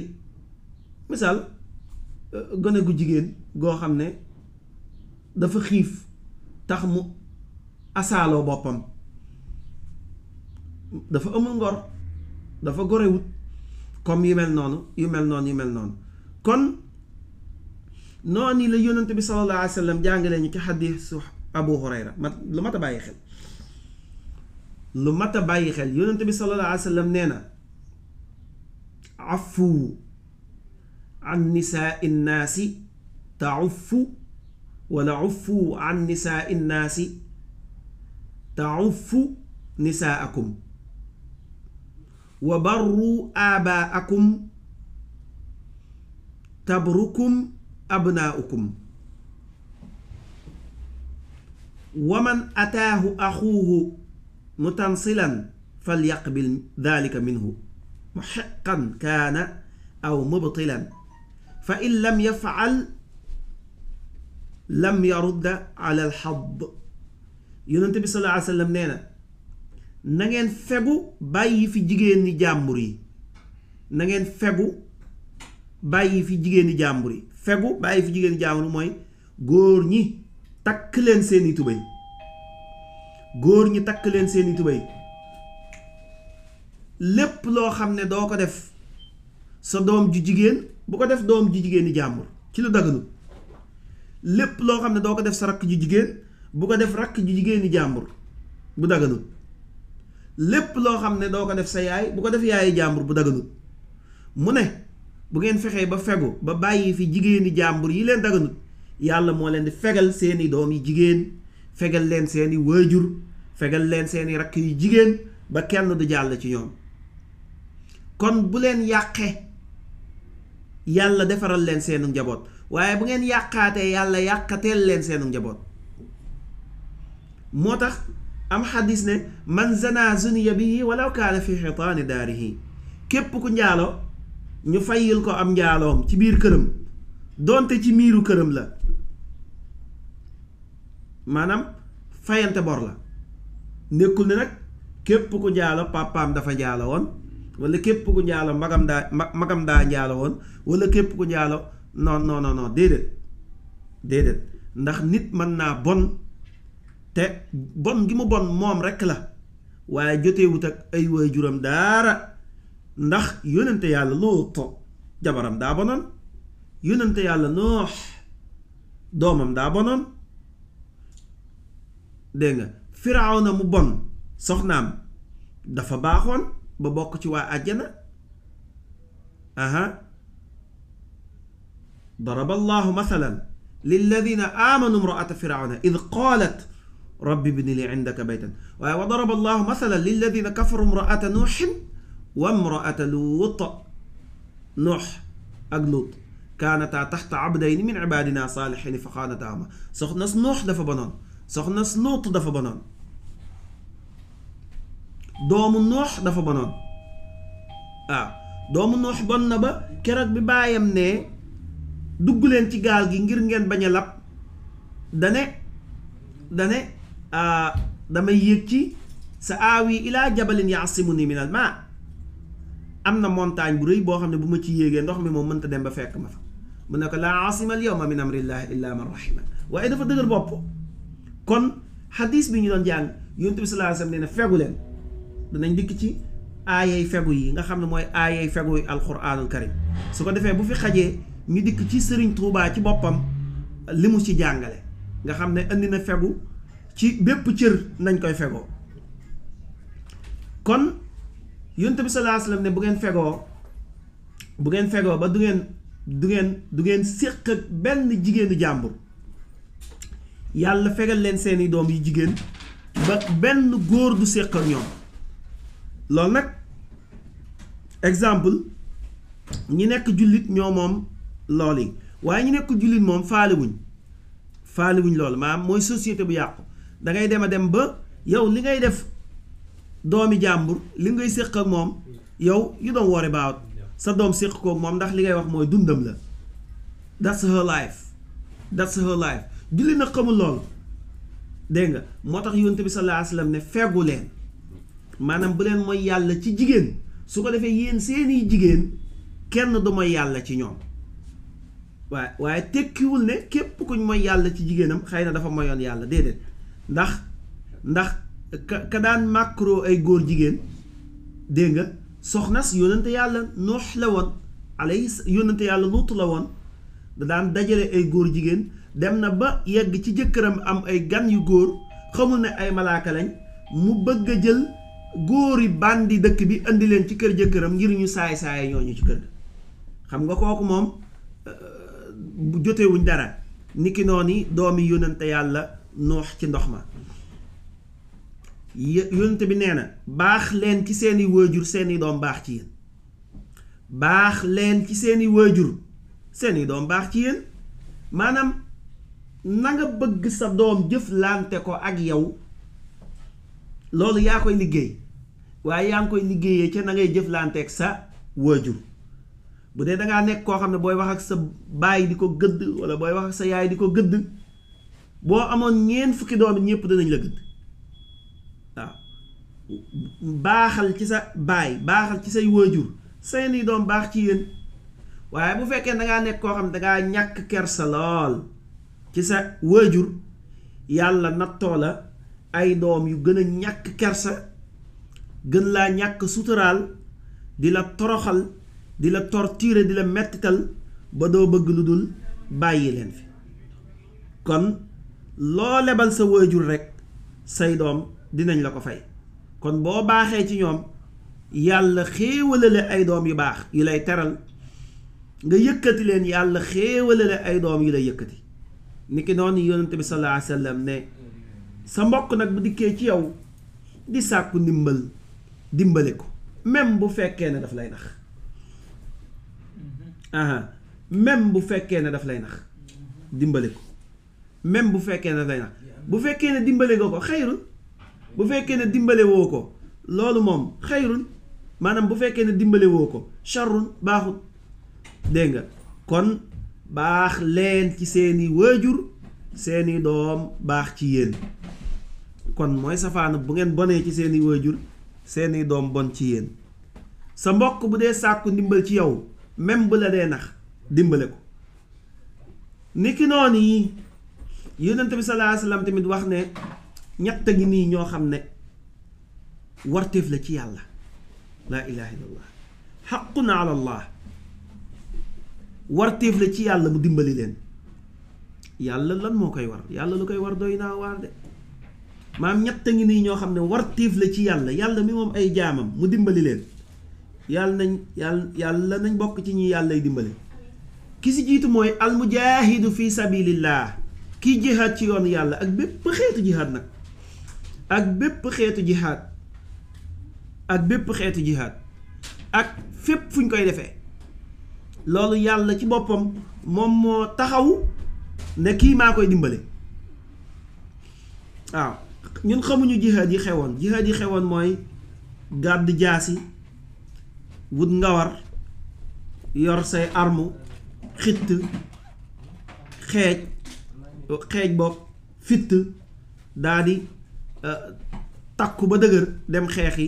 misaal euh, gone gu jigéen goo xam ne dafa xiif tax mu asaaloo boppam dafa amul ngor dafa gorewut comme yu mel noonu yu mel noonu yu mel noonu kon noonu la yonent bi sallallahu alayhi wa sallam jàngale ñu ci Abu Hurayra mat lu mat a bàyyi xel lu mat a xel yonent bi sallallahu alayhi nee na afu an nisaai nnaasi taufu wala ufu an nisaai nnaasi taufu nisaakum wa barru aabaakum tabrukum abnaaukum wa man ataahu axuuhu mutansilan falyaqbil dalika minhu muxiqan kaana aw mubtilan fa in lam yafal lam yarudda ala alxadd yonente bi sallallahu alayhi wa sallam nee na na ngeen fegu bàyyi fi jigéen ni jàmbur yi na ngeen fegu bàyyi fi jigéen ni jàmbur yi fegu bàyyi fi jigéen jaamuru mooy góor ñi takk leen seeni tubéy góor ñi takk leen seeni tubéy lépp loo xam ne doo ko def sa doom ju jigéen bu ko def doom ju jigéen i jàmbur ci lu daganul lépp loo xam ne doo ko def sa rakk ju jigéen bu ko def rakk ju jigéen i jàmbur bu daganul lépp loo xam ne doo ko def sa yaay bu ko def yaayi jàmbur bu daganul mu ne bu ngeen fexee ba fegu ba bàyyi fi jigéeni jàmbur yi leen daganut yàlla moo leen di fegal seeni doom yi jigéen fegal leen seeni waajur fegal leen seeni rakk yu jigéen ba kenn du jàll ci ñoom kon bu leen yàqee yàlla defaral leen seenu njaboot waaye bu ngeen yàqaatee yàlla yàqateel leen seenu njaboot moo tax am xadis ne man zana zuniya bihi walaw kaana fi xitaani daarihi képp ku njaalo ñu fayil ko am njaaloom ci biir këram donte ci miiru këram la maanaam fayante bor la nekkul ne nag képp ku njaalo papaam dafa njaalo woon wala képp ku njaalo magam daa magam woon wala képp ku njaalo non non non non déedéet déedéet ndax nit mën naa bon te bon gi mu bon moom rekk la waaye jotewut ak ay waajuram daara ndax yónnante yàlla luut jabaram daa bonoon yónnante yàlla noox doomam daa bonoon dégg nga firawna mu bon soxnaam dafa baaxoon ba bokk ci waa àjjana aha daraba allahu mathalan lilladina amanu mraata firawna id qalat rabbi bni li indaka baytan waaye wa daraba allahu mathalan lilladina kafaru mraata nuuxin wamraata luut noox ak luut kaanataa taxta abdayni min ibaadina saalixin fa xaanataama soxnas noox dafa banoon soxnas luut dafa bonoon doomu noox dafa banoon waaw doomu noox bon na ba keroog bi baayam ne dugg leen ci gaal gi ngir ngeen bañ a lab dane dane damay yéeg ci sa aawi ilaa jabalin yaasimu ni min al maa am na montagne bu rëy boo xam ne bu ma ci yéegee ndox mi moom mënta dem ba fekk ma fa mu ne ko laa asima al yawma min amrillahi illa man rahima waaye dafa dëgër bopp kon xadis bi ñu doon jàng yonent bi sallallahu alayhi wasallam nee na fegu leen danañ dikk ci aayay fegu yi nga xam ne mooy aayay fegu yi alquranul karim su ko defee bu fi xajee ñu dikk ci sëriñ Tuubaa ci boppam li mu ci jàngale nga xam ne indi na fegu ci bépp cër nañ koy fegoo yonent bi sallallahu alayhi wasallam ne bu ngeen fegoo bu ngeen fegoo ba du ngeen du ngeen du ngeen séq ak benn jigéenu jàmbur yàlla fegal leen seeni doom yi jigéen ba benn góor du séq ak ñoom loolu nag exemple ñi nekk jullit ñoo moom lool yi waaye ñi nekk jullit moom faaliwuñ faaliwuñ loolu maanaam mooy société bu yàqu da ngay dem a dem ba yow li ngay def doomi jàmbur li ngay séq ak moom yow yu doom worry about sa doom séq koog moom ndax li ngay wax mooy dundam la das her life that's her life julli nag xamul loolu dégg nga moo tax yonent bi sa alayhi wasallam ne feggu leen maanaam bu leen mooy yàlla ci jigéen su ko defee yéen seeni jigéen kenn du mooy yàlla ci ñoom waaye waaye tekkiwul ne képp kuñ mooy yàlla ci jigéenam xëy na dafa moyoon yàlla déedéet ndax ndax ka daan màkkaroo ay góor jigéen dégg nga soxnas yónnante yàlla noox la woon alay yónnante yàlla luutu la woon da daan dajale ay góor jigéen dem na ba yegg ci jëkkëram am ay gan yu góor xamul ne ay malaaka mu bëgg a jël góori bandi dëkk bi indi leen ci kër jëkkëram ngir ñu saay saay ñooñu ci kër xam nga kooku moom euh, jotewuñ dara niki noonu doomi yónnante yàlla noox ci ndox ma yonent bi nee na baax leen ci seeni waajur seeni doom baax ci yéen baax leen ci seeni waajur seeni doom baax ci yéen maanaam nanga bëgg sa doom jëflante ko ak yow loolu yaa koy liggéey waaye yaa ngi koy liggéeyee ca nangay ngay jëflanteeg sa waajur bu dee dangaa nekk koo xam ne booy wax ak sa baay di ko gëdd walla booy wax ak sa yaay di ko gëdd boo amoon ñeent fukki doom it ñëpp danañ la gëdd baaxal ci sa baay baaxal ci say waajur seeni doom baax ci yéen waaye bu fekkee dangaa nekk koo xam dangaa ñàkk kersa lool ci sa wëjur yàlla nattoo la ay doom yu gën a ñàkk kersa gën laa ñàkk suturaal di la toroxal di la torturer di la mettital ba doo bëgg lu dul bàyyi leen fi kon loo lebal sa wëjur rekk say doom dinañ la ko fay kon boo baaxee ci ñoom yàlla xéewalale ay doom yu baax yi lay teral nga yëkkati leen yàlla xéewalale ay doom yu lay yëkkati ni niki noonu yonent bi sallallahu alayhi wasallam ne sa mbokk nag bu dikkee ci yow di sàkku ndimbal dimbale ko même bu fekkee ne daf lay nax même bu fekkee ne daf lay nax dimbale ko même bu fekkee ne daf lay nax bu fekkee ne dimbale nga ko xayrul bu fekkee ne dimbalewoo ko loolu moom xëyrul maanaam bu fekkee ne dimbalewoo ko charrun baaxut dégg nga kon baax leen ci seeni waajur seeni doom baax ci yéen kon mooy safaanu bu ngeen bonee ci seeni waajur seeni doom bon ci yéen sa mbokk bu dee sàkku ndimbal ci yow même bu la dee nax dimbale ko ni ki noonu yi yonent bi sallallahu alayhi wasallam tamit wax ne ñett ngi nii ñoo xam ne warteef la ci yàlla laa ilaha illallah xaqun ala allah warteef la ci yàlla mu dimbali leen yàlla lan moo koy war yàlla lu koy war doy naa waar de maam ñett ngi nii ñoo xam ne warteef la ci yàlla yàlla mi moom ay jaamam mu dimbali leen yàlla nañ yàlla yàlla nañ bokk ci ñi yàllay dimbali ki si jiitu mooy almujaahidu fi sabilillah kiy jihaad ci yoon yàlla ak bépp xeetu jihaad nag ak bépp xeetu jihaad ak bépp xeetu jihaad ak fépp fu ñu koy defee loolu yàlla ci boppam moom moo taxaw ne kii maa koy dimbale waaw ñun xamuñu jihaad yi xewoon jihaad yi xewoon mooy gàdd jaasi wut ngawar yor say armu xitt xeej xeej bopp fitt daa takku ba dëgër dem xeex yi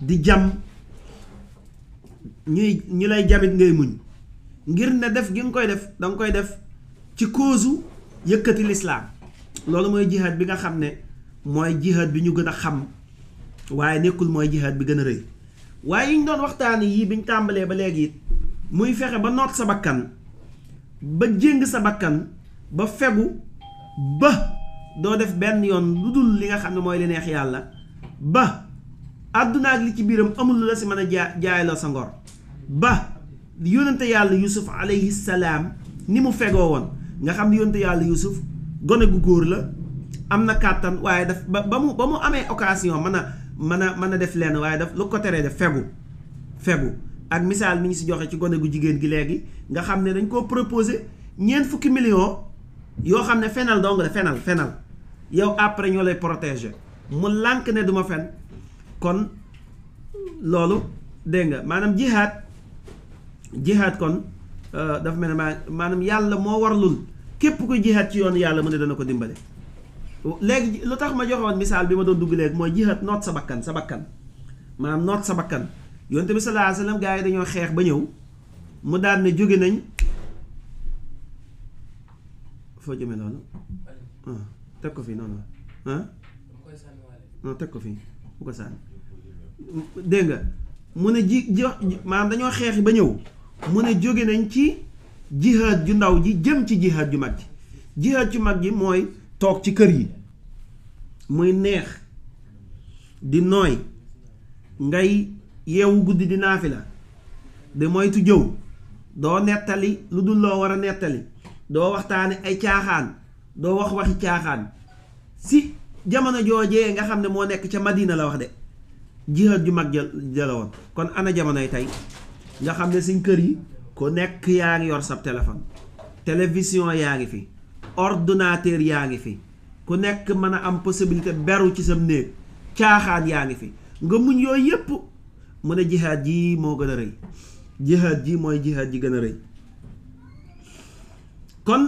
di jam ñuy ñu lay jamit ngay muñ ngir ne def gi nga koy def danga koy def ci cause yëkkati lislaam loolu mooy jihad bi nga xam ne mooy jihad bi ñu gën a xam waaye nekkul mooy jihad bi gën a rëy waaye yi ñu doon waxtaani yii biñ tàmbalee ba léegi it muy fexe ba noot sa bakkan ba jéng sa bakkan ba fegu ba doo def benn yoon lu dul li nga xam ne mooy li neex yàlla ba àdduna ak li ci biiram amul lu la si mën a jaa jaayloo sa ngor ba di yónnante yàlla yusuf alayhi salaam ni mu fegoo woon nga xam ne yónnante yàlla yusuf gone gu góor la am na kàttan waaye daf ba ba mu ba mu amee occasion mën a mën a mën a def lenn waaye daf lu ko teree def fegu fegu ak misaal mi ñu si joxe ci gone gu jigéen gi léegi nga xam ne dañ koo proposé ñeent fukki million yoo xam ne fenal dong la fenal yow après ñoo lay protéger mu lànk ne duma fen kon loolu dégg nga maanaam jihaad jihaad kon euh, dafa mel ne maa maanaam yàlla moo warlul képp kuy jihaad ci yoon yàlla mu ne dana ko dimbale léegi lu tax ma joxoon misaal bi ma doon dugg léegi mooy jihaad noot sa bakkan sa bakkan maanaam noot sa bakkan yonte bi sallallahu alayhi wasallam gars yi dañoo xeex ba ñëw mu daan ne jóge nañ foo jëme loolu teg ko fii noonu non ah. non teg ko fii bu ko sànni. dégg mu ne ji ji maanaam dañoo xeexi ba ñëw mu ne jóge nañ ci jihaad ju ndaw ji jëm ci jihaad ju mag ji jihaad mag ji mooy toog ci kër yi muy neex di nooy ngay yeewu guddi di la di moytu jëw doo nettali lu dul loo war a nettali doo waxtaane ay caaxaan doo wax waxi caaxaan si jamono joojee nga xam ne moo nekk ca Madina la wax de jihaad ju mag jëla woon kon ana jamonoy tey nga xam ne suñ kër yi ku nekk yaa ngi yor sab téléphone télévision yaa ngi fi ordinateur yaa ngi fi ku nekk mën a am possibilité beru ci sam néeg caaxaan yaa ngi fi nga muñ yooyu yépp mu ne jihaad ji moo gën a rëy jihaad ji mooy jihaad ji gën a rëy kon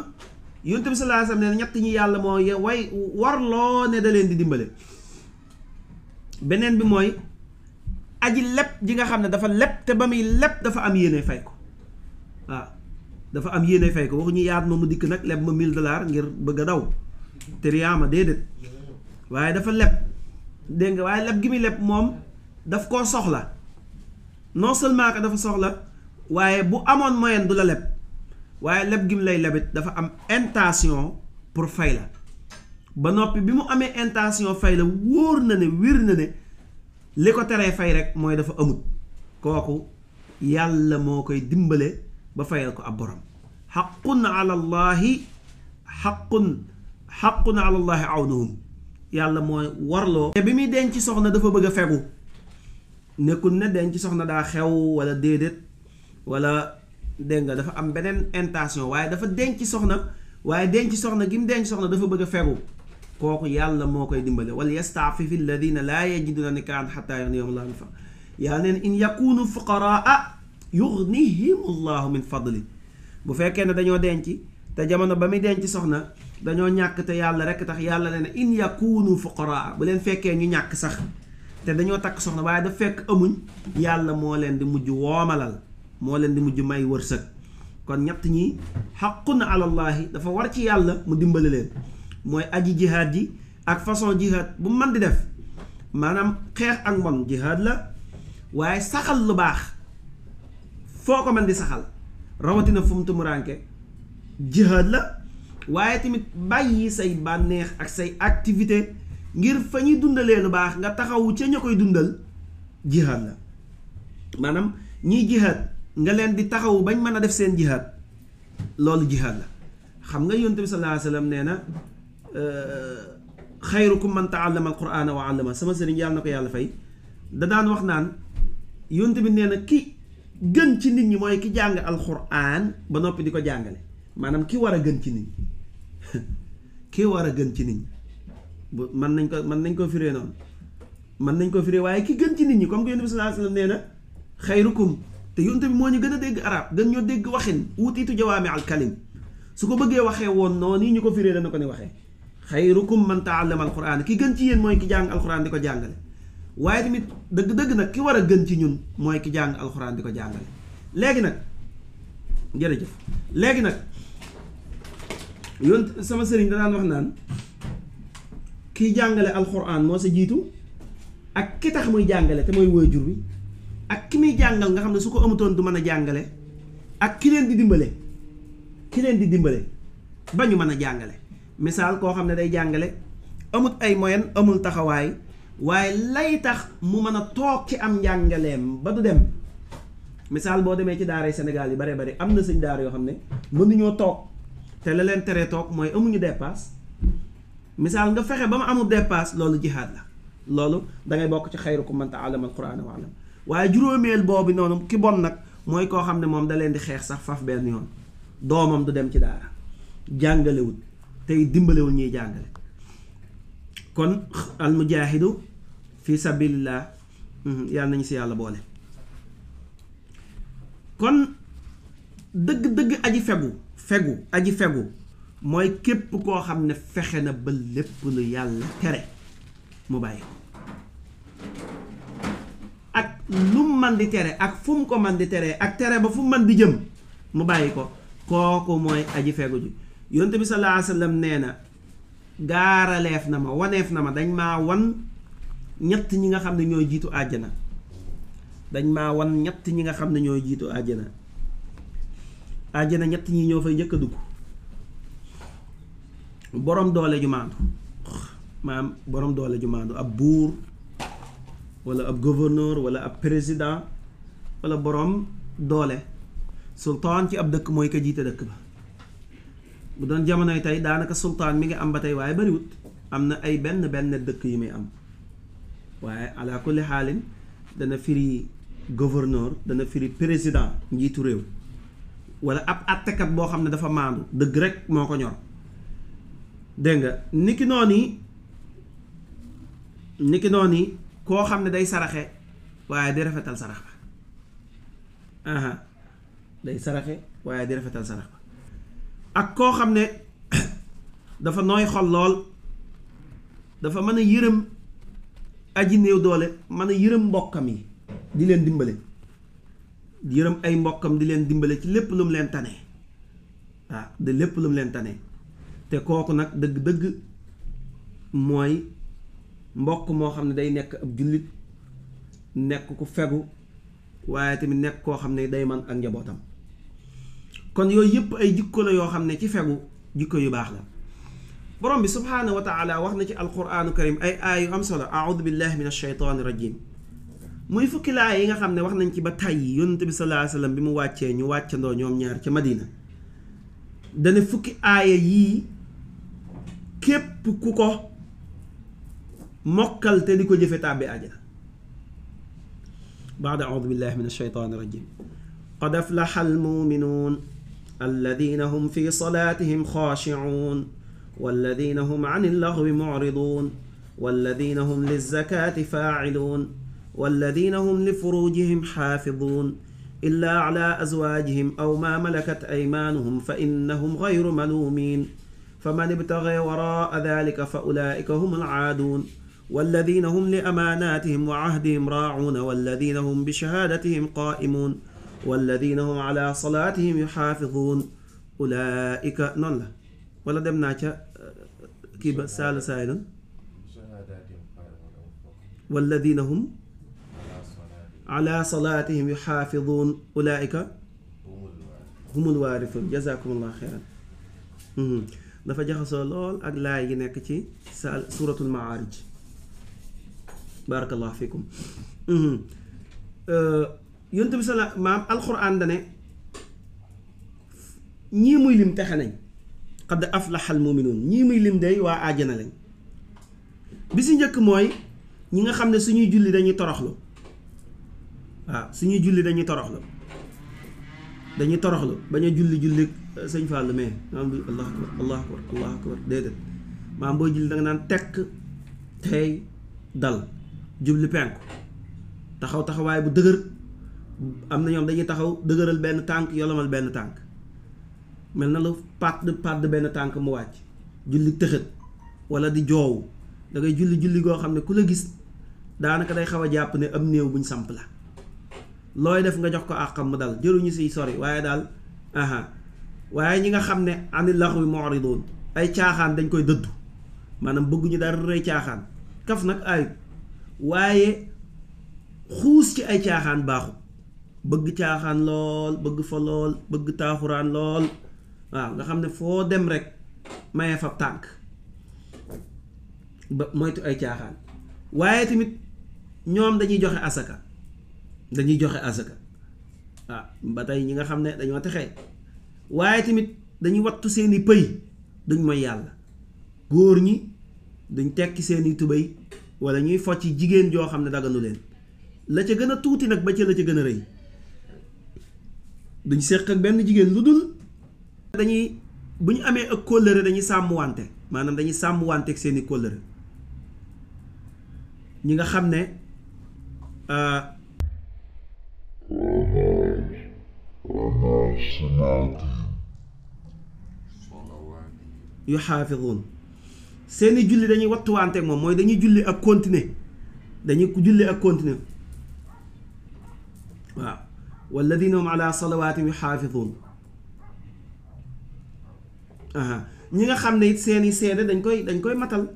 yonent bi sallallahu alayhi wasallam ne ñett ñi yàlla moo way warloo ne da leen di dimbale beneen bi mooy aji lépp ji nga xam ne dafa lépp te ba muy lépp dafa am yéene fay ko waaw dafa am yéene fay ko waxuñu yaat ma mu dikk nag leb ma 1000 dollars ngir bëgg a daw te riyaama déedéet waaye dafa leb dégg nga waaye leb gi muy leb moom daf koo soxla noo seulement que dafa soxla waaye bu amoon moyen du la leb waaye leb gim lay lebit dafa am intention pour fay la ba noppi bi mu amee intention fay la wóor na ne wér na ne li ko teree fay rek mooy dafa amut kooku yàlla moo koy dimbale ba fayal ko ab borom xaqun ala llaahi xaqun xaqun ala llaahi awnuhum yàlla mooy warloo te bi muy denc soxna dafa bëgg a fegu nekkul ne denc soxna daa xew wala déedéet wala dégg nga dafa am beneen intention waaye dafa denc soxna waaye denc soxna gi mu denc soxna dafa bëgg a fegu kooku yàlla moo koy dimbale wala yastaafifi alladina laa yajiduna nikahan xata yughniyahum llahu min fadli yàlla neen in yakunu fuqaraa yughnihim allahu min fadli bu fekkee ne dañoo denc te jamono ba muy denc soxna dañoo ñàkk yàlla rek tax yàlla leen in yakunu fuqaraa bu leen fekkee ñu ñàkk sax te dañoo takk soxna waaye daf fekk amuñ yàlla moo leen di mujj woomalal moo leen di mujj may wërsëg kon ñett ñi xaqun alallaahi dafa war ci yàlla mu dimbali leen mooy aji jihaad ji ak façon jihaad bu man di def maanaam xeex ak mbon jihaad la waaye saxal lu baax foo ko man di saxal rawatina fu mu tumuraanke jihaad la waaye tamit bàyyi say bànneex ak say activité ngir fa ñuy dundalee lu baax nga taxawu ca ña koy dundal jihaad la maanaam ñiy jihaad nga leen di taxaw bañ mën a def seen jihaad loolu jihaad la xam nga yonent bi sallallahu nee na euh, xayrukum man taallama alquraan wa allama sama sëriñ yàlla na ko yàlla fay da daan wax naan yonent bi nee na ki gën ci nit ñi mooy ki jàng alquraan ba noppi di ko jàngale maanaam ki war a gën ci nit ñi war a gën ci nit mën nañ ko mën nañ ko firee noonu mën nañ ko firee waaye ki gën ci nit ñi comme que yonent nee na xayrukum te yonent bi moo ñu gën a dégg arab gën ñoo dégg waxin wutiitu jawaami al kalim su ko bëggee waxee woon noonu ñu ko firee dana ko ne waxee xayrukum man taallama alquran ki gën ci yéen mooy ki jàng alquran di ko jàngale waaye tamit dëgg nag ki war a gën ci ñun mooy ki jàng alquran di ko jàngale léegi nag jërëjëf léegi nag yoon sama sëriñ danaan wax naan kiy jàngale alquran moo sa jiitu ak ki tax muy jàngale te mooy waajur wi ak ki muy jàngal nga xam ne su ko amutoon du mën a jàngale ak ki leen di dimbale ki leen di dimbale ba ñu mën a jàngale misaal koo xam ne day jàngale amut ay moyen amul taxawaay waaye lay tax mu mën a toog ci am njàngaleem ba du dem misaal boo demee ci daaray Sénégal yi bare bari am na sëñ daar yoo xam ne ñoo toog te la leen tere toog mooy amuñu dépasse misaal nga fexe ba mu amul dépasse loolu jihaad la loolu da bokk ci xayrukum man ta'allama al-Qur'ana waaye juróomeel boobu noonu ki bon nag mooy koo xam ne moom da leen di xeex sax faf benn yoon doomam du dem ci daara jàngalewul tey dimbalewul ñuy jàngale kon al mujaahidu fi sabilillah mhm, yàlla nañu si yàlla boole kon dëgg-dëgg aji fegu fegu aji fegu mooy képp koo xam ne fexe na ba lépp lu yàlla tere mu bàyyi ko ak lu mu man di tere ak fu mu ko man di tere ak tere ba fu mu man di jëm mu bàyyi ko kooku mooy aji fegu ji yonte bi sallallahu alayhi nee na gaaraleef na ma waneef na ma dañ maa wan ñett ñi nga xam ne ñooy jiitu àjjana dañ maa wan ñett ñi nga xam ne ñoo jiitu àjjana àjjana ñett ñi ñoo fay njëkk a dugg borom doole ju maandu maam borom doole ju maandu ab buur wala ab gouverneur wala ab président wala boroom doole sultaan ci ab dëkk mooy ko jiite dëkk ba bu doon jamonoy tey daanaka sultaan mi ngi am ba tey waaye bariwut am na ay benn benn dëkk yi muy am waaye ala kulli xaalin dana firi gouverneur dana firi président njiitu réew wala ab àttekat boo xam ne dafa maandu dëgg rek moo ko ñor dégg nga yi noonu niki noonu koo xam ne day saraxe waaye di rafetal sarax ba day saraxe waaye di rafetal sarax ak koo xam ne dafa nooy xol lool dafa mën a yërëm aji néew doole mën a yërëm mbokkam yi di leen dimbale yërëm ay mbokkam di leen dimbale ci lépp lu mu leen tane waaw de lépp lu mu leen tane te kooku nag dëgg-dëgg mooy mbokk moo xam ne day nekk ab jullit nekk ko fegu waaye tamit nekk koo xam ne day man ak njabootam kon yooyu yëpp ay jikko la yoo xam ne ci fegu jikko yu baax la borom bi subhaanahu wa taala wax na ci alquraanu karim ay aay yu am solo audu billahi min ashaytaani rajim muy fukki laa yi nga xam ne wax nañ ci ba tàyyi yonent bi sallallahu alayhi bi mu wàccee ñu wàccandoo ñoom ñaar ca madina dana fukki aaya yii képp ku ko mokkal te di ko jëfe tàbbi àjjana baada audu billahi min alsheytaan irajim qad aflaxa almuminuun alladina hum fi salaatihim xaashicuun walladina hum can illaxwi mucriduun walladina hum lilzakaati faaciluun walladina hum lifuruujihim xaafiduun illa ala azwaajihim aw ma malakat aymaanuhum fa innahum gayru maluumiin faman ibtaga waraa dalika fa ulaika hum alcaaduun والذين هم لأماناتهم وعهدهم راعون والذين هم بشهادتهم قائمون والذين هم على صلاتهم يحافظون أولئك noonu la wala dem naa ca kii ba saala saaylan walladina hum ala salaatihim yuxaafiduun ulaika humul waarithun jazakumullah xeyran dafa jaxasoo lool ak laay yi nekk ci sa suratul maarij barakallahu fiikum mhm. euh, yonent bi sala maam alquran dane ñii muy lim texe nañ qad aflaxal muminuun ñii muy lim day waa àjjana bi si njëkk mooy ñi nga xam ne suñuy julli dañuy toroxlu waaw suñuy julli dañuy toroxlu dañuy toroxlu bañ a julli julli euh, sëñ Fall mais maam bi allah akbar allah akbar allah akbar déedéet maam booy julli da naan tekk tey dal jubli penku taxaw taxawaay bu dëgër am na ñoom dañuy taxaw dëgëral benn tànk yolomal benn tànk mel na lu pàtt pàtt benn tànk mu wàcc julli tëxët wala di joowu dangay julli julli goo xam ne ku la gis daanaka day xaw a jàpp ne am néew buñ samp la looy def nga jox ko àqam mu dal jëruñu siy sori waaye daal aha waaye ñi nga xam ne àndi lax wi mooridoon ay caaxaan dañ koy dëddu maanaam bëgguñu dara rëy caaxaan kaf nag ay waaye xuus ci ay caaxaan baaxut bëgg caaxaan lool bëgg fa lool bëgg taaxuraan lool waaw nga xam ne foo dem rek mayee fa tànk ba moytu ay caaxaan waaye tamit ñoom dañuy joxe asaka dañuy joxe asaka ba tey ñi nga xam ne dañoo texe waaye tamit dañuy wattu seeni pëy duñ mooy yàlla góor ñi dañ tekki seeni tubéy wala ñuy focc jigéen joo xam ne daganu leen la ca gën a tuuti nag ba ca la ca gën a rëy dañu séq ak benn jigéen lu dul dañuy bu ñu amee ak kóllëre sàmm sàmmwante maanaam dañuy sàmmwante ak seeni kóllëre ñi nga xam ne yu euh, yuxaafizuun seeni julli dañuy wattuwante ak moom mooy dañuy julli ak continuer dañuy julli ak continuer waaw walla walladina hum ala salawatihim yuxaafidun aha ñi nga xam ne it seeni seede dañ koy dañ koy matal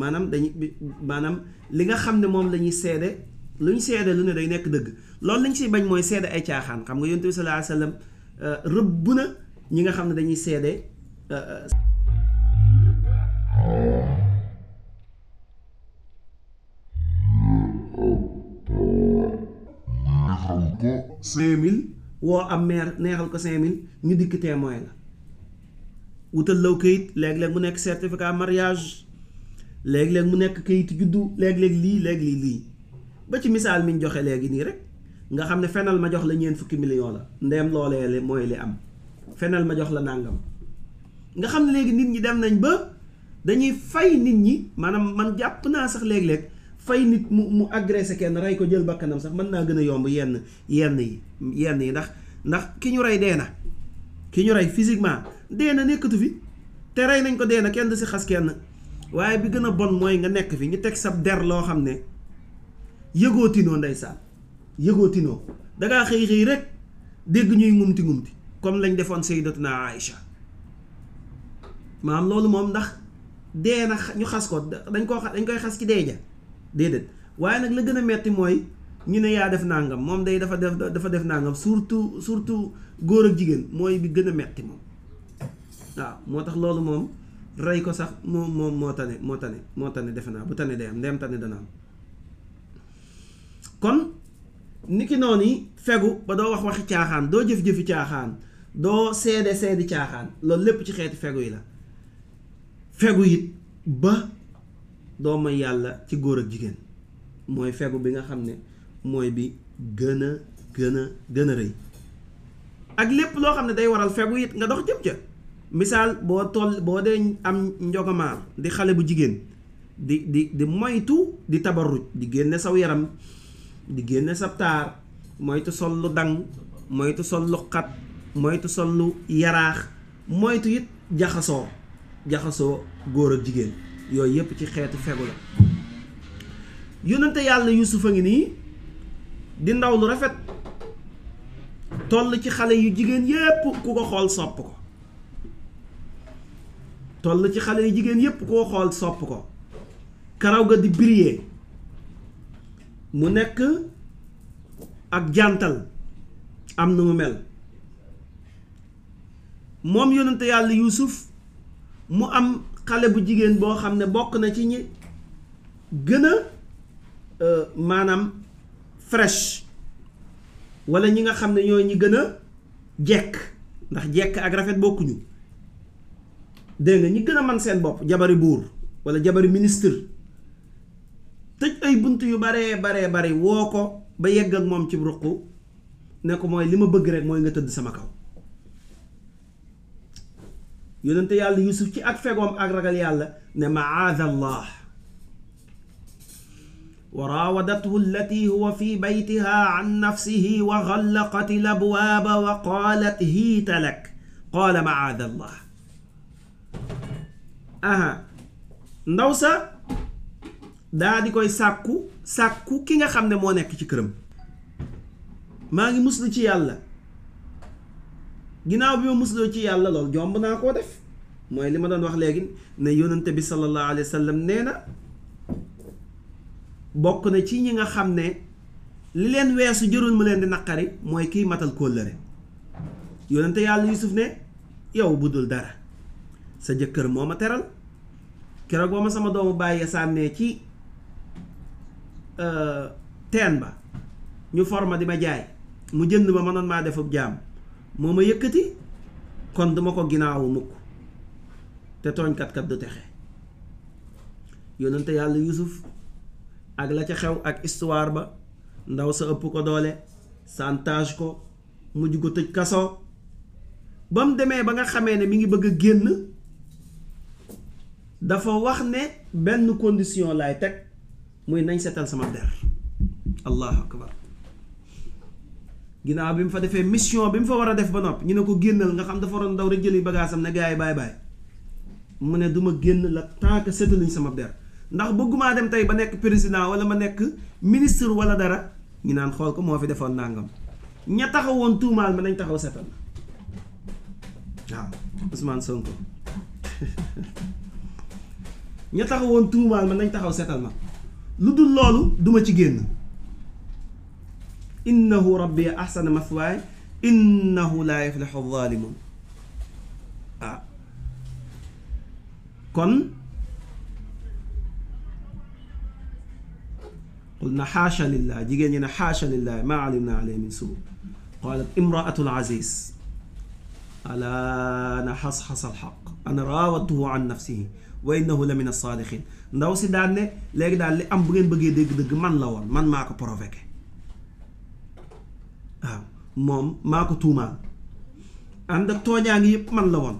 maanaam dañuy dañu maanaam li nga xam ne moom lañuy seede lu ñu seede lu ne day nekk dëgg loolu lañ siy bañ mooy seede ay caaxaan xam nga yonent bi sallallahu alayhi wa euh, rëbb na ñi nga xam ne dañuy seede euh, ko cinq mille woo am maire neexal ko mille ñu dikk témoin la wutal law kayit léeg-léeg mu nekk certificat mariage léeg-léeg mu nekk kayit juddu léeg-léeg lii léeg-léeg ba ci misaal mi ñu joxe léegi nii rek nga xam ne fenal ma jox la ñeent fukki million la ndem loolee mooy li am fenal ma jox la nàngam nga xam ne léegi nit ñi dem nañ ba dañuy fay nit ñi maanaam man jàpp naa sax léeg-léeg fay nit mu mu agressé kenn rey ko jël bakkanam sax mën naa gën a yomb yenn yenn yi yenn yi ndax ndax ki ñu rey dee na ki ñu rey physiquement dee nekkatu fi te rey nañ ko dee na kenn du si xas kenn waaye bi gën a bon mooy nga nekk fi ñu teg sab der loo xam ne yëgoo tinoo ndeysaan yëgoo tinoo dangaa xëy xëy rek dégg ñuy ngumti ngumti comme lañ defoon sayyidatuna Aïcha maam loolu moom ndax dee na ñu xas ko dañ koo dañ koy xas ci dee ja déedéet waaye nag la gën a metti mooy ñu ne yaa def nangam moom day dafa def dafa def nangam suurtu surtout góor ak jigéen mooy bi gën a metti moom waaw moo tax loolu moom rey ko sax moom moom moo tane moo tane moo tane defe naa bu tane day am ndem tane dana am kon niki fegu ba doo wax waxi caaxaan doo jëf-jëfi caaxaan doo seede seedi caaxaan loolu lépp ci xeeti fegu yi la fegu it ba doo yàlla ci góor ak jigéen mooy fegu bi nga xam ne mooy bi gën a gën a gën a rëy ak lépp loo xam ne day waral fegu it nga dox jëm ca misaal boo toll boo dee am njogomaar di xale bu jigéen di di di moytu di tabarruj di génne saw yaram di génne sabtaar moytu sol lu dang moytu sol lu xat moytu sol lu yaraax moytu it jaxasoo jaxasoo góor ak jigéen yooyu yëpp ci xeetu fegu la yónnante yàlla a ngi nii di ndaw lu rafet toll ci xale yu jigéen yépp ku ko xool sopp ko toll ci xale yu jigéen yépp ku xool sopp ko karaw ga di briller mu nekk ak jàntal am na mu mel moom yónnante yàlla yusuf mu am xale bu jigéen boo xam ne bokk na ci ñi gën a euh, maanaam fresh wala ñi nga xam ne ñoo ñi gën a jekk ndax jekk ak rafet bokkuñu dégg nga ñi gën a man seen bopp jabari buur wala jabari ministre tëj ay bunt yu baree baree bari woo ko ba yegg ak moom ci ruq ne ko mooy li ma bëgg rek mooy nga tëdd sama kaw yonente yàlla yusuf ci ak fegoom ak ragal yàlla ne maada allah wa raawadathu allati huwa fi baytiha an nafsihi wa xallaqat al abwaaba wa qaalat hiita lak qaala maada allah aha ndaw sa daa di koy sàkku sàkku ki nga xam ne moo nekk ci këram maa ngi muslu ci yàlla ginnaaw bi ma musloo ci yàlla loolu jomb naa koo def mooy li ma doon wax léegi ne yonante bi sallallahu alayhi wa nee na bokk na ci ñi nga xam ne li leen weesu jërul mu leen di naqari mooy kii matal kóllëre yónnante yàlla Yuusuf ne yow bu dul dara sa jëkkër moo ma teral keroog ba ma sama doomu bàyyee sànnee ci euh, teen ba ñu forma di ma jaay mu jënd ma mënoon maa defub jaam moo ma yëkkati kon duma ko ginnaawu mukk te tooñkat kat du texe yónnante yàlla yusuf ak la ca xew ak histoire ba ndaw sa ëpp ko doole santage ko mujj ko tëj kaso ba mu demee ba nga xamee ne mi ngi bëgg génn dafa wax ne benn condition laay teg muy nañ seetal sama der allahu akbar ginnaaw bi mu fa defee mission bi mu fa war a def ba noppi ñu ne ko génnal nga xam dafa waroon daw rek jëli bagaasam ne gars yi bàyyi bàyyi mu ne du ma génn la tant que seetaluñ sama der ndax bëggumaa dem tey ba nekk président wala ma nekk ministre wala dara ñu naan xool ko moo fi defoon nangam ña taxaw woon tuumaal ma nañ taxaw seetal waaw Ousmane Sonko ña taxawoon tuumaal ma nañ taxaw seetal ma lu dul loolu duma ci génn innahu rabbi ahsana mathwaay innahu laa yaflixu zaalimun waaw ah. kon qul na xaasha lillah jigéen ñi ne xaasha lillah maa alimna alayhi min suu qaalat imraatu alaziz alaa na xas-xas alxaq ana raawadtuhu an nafsihi wa innahu la min alsaalixiin ndaw si daan ne léegi daal li am bu ngeen bëggee dégg-dëgg man la woon man maa ko provoqué moom maa ko tuumaal ànd ak tooñaa ngi man la woon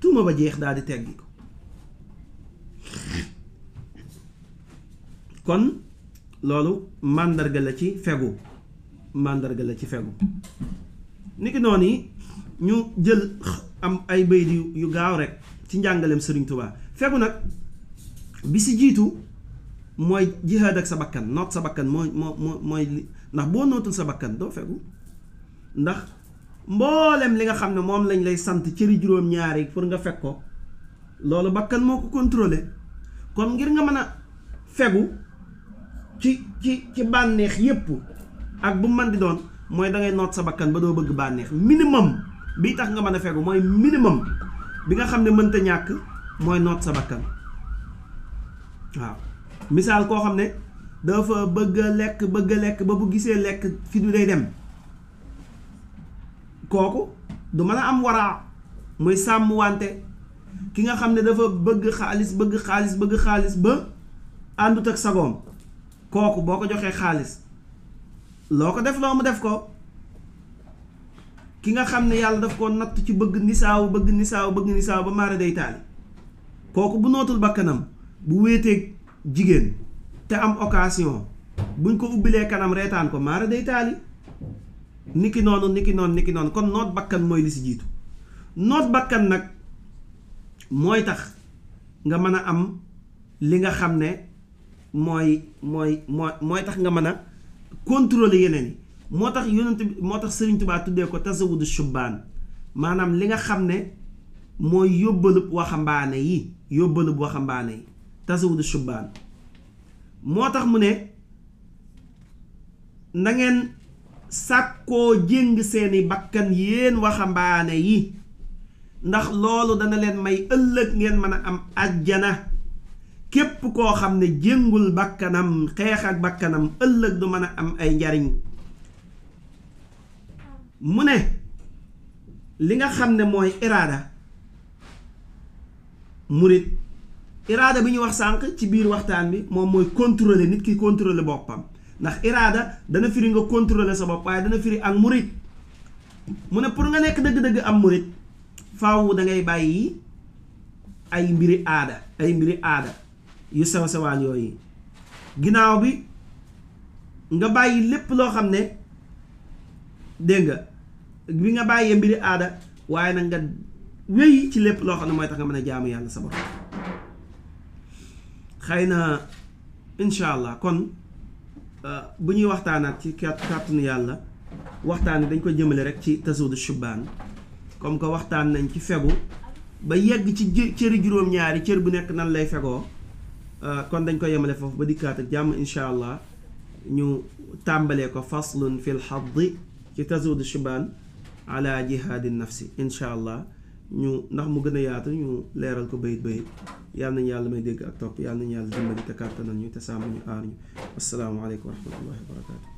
tuuma ba jeex daal di teggi ko kon loolu màndarga la ci fegu màndarga la ci fegu niki noonu yi ñu jël am ay bayit yu gaaw rek ci njàngaleem Sëriñ Tuubaa fegu nag bi si jiitu mooy jihaad ak sa bakkan noot sa bakkan mooy moo mooy ndax boo nootul sa bakkan doo fegu ndax mboolem li nga xam ne moom lañ lay sant cëri juróom-ñaar pour nga fekk ko loolu bakkan moo ko contrôlé kon ngir nga mën a fegu ci ci ci bànneex yépp ak bu man di doon mooy da ngay noot sa bakkan ba doo bëgg bànneex minimum bi tax nga mën a fegu mooy minimum bi nga xam ne mënta ñàkk mooy noot sa bakkan waaw misaal koo xam ne dafa bëgg a lekk bëgg lekk ba bu gisee lekk fi du day dem kooku du mën am waraa muy sàmm wante ki nga xam ne dafa bëgg xaalis bëgg xaalis bëgg xaalis ba àndut ak sagoom kooku boo ko joxee xaalis loo ko def loo mu def ko ki nga xam ne yàlla daf ko natt ci bëgg nisaaw bëgg nisaaw bëgg nisaaw ba maara day taali kooku bu nootul bakkanam bu wéeteeg jigéen te am occasion buñ ko ubbilee kanam reetaan ko maa day taali niki noonu niki noonu niki noonu kon noot bakkan mooy li si jiitu noot bakkan nag mooy tax nga mën a am li nga xam ne mooy mooy mooy mooy tax nga mën a contrôler yeneen yi moo tax yonent moo tax Sëriñ Tubaa tuddee ko tasawudu shubbaan maanaam li nga xam ne mooy yóbbalub waxambaane yi yóbbalub waxambaane yi tasawudu shubbaan moo tax mu ne nangeen sàkkoo jëng seeni bakkan yéen waxambaane yi ndax loolu dana leen may ëllëg ngeen mën a am àjjana képp koo xam ne jéngul bakkanam xeex ak bakkanam ëllëg du mën a am ay njariñ mu ne li nga xam ne mooy iraada murit iraada bi ñu wax sànq ci biir waxtaan bi moom mooy contrôler nit ki contrôler boppam ndax iraada dana firi nga contrôler sa bopp waaye dana firi ak murit mu ne pour nga nekk dëgg-dëgg am murit faw dangay bàyyi ay mbiri aada ay mbiri aada yu sew sewaan yooyu ginnaaw bi nga bàyyi lépp loo xam ne dégg nga bi nga bàyyee mbiri aada waaye nag nga wéy ci lépp loo xam ne mooy tax nga mën a jaamu yàlla sa bopp xëy na incha allah kon euh, bu ñuy waxtaanaat ci kàttanu yàlla waxtaan dañ ko jëmale rek ci tasawudu shubbaan comme que waxtaan nañ ci fegu ba yegg ci cëri juróom-ñaari cër bu nekk nan lay fegoo euh, kon dañ ko yemale foofu ba dikkaat jàmm incha allah ñu tàmbalee ko faslun fi lxaddi ci tasawudu shubbaan ala jihaadi nafsi incha allah ñu ndax mu gën a yaatu ñu leeral ko bayit bayit yàlla ñu yàlla may dégg ak topp yàlla nañu yàlla dimbali te kàttanal ñu te sàmm ñu aar ñu asalaamaaleykum wa rahmatullahi wa barakaatu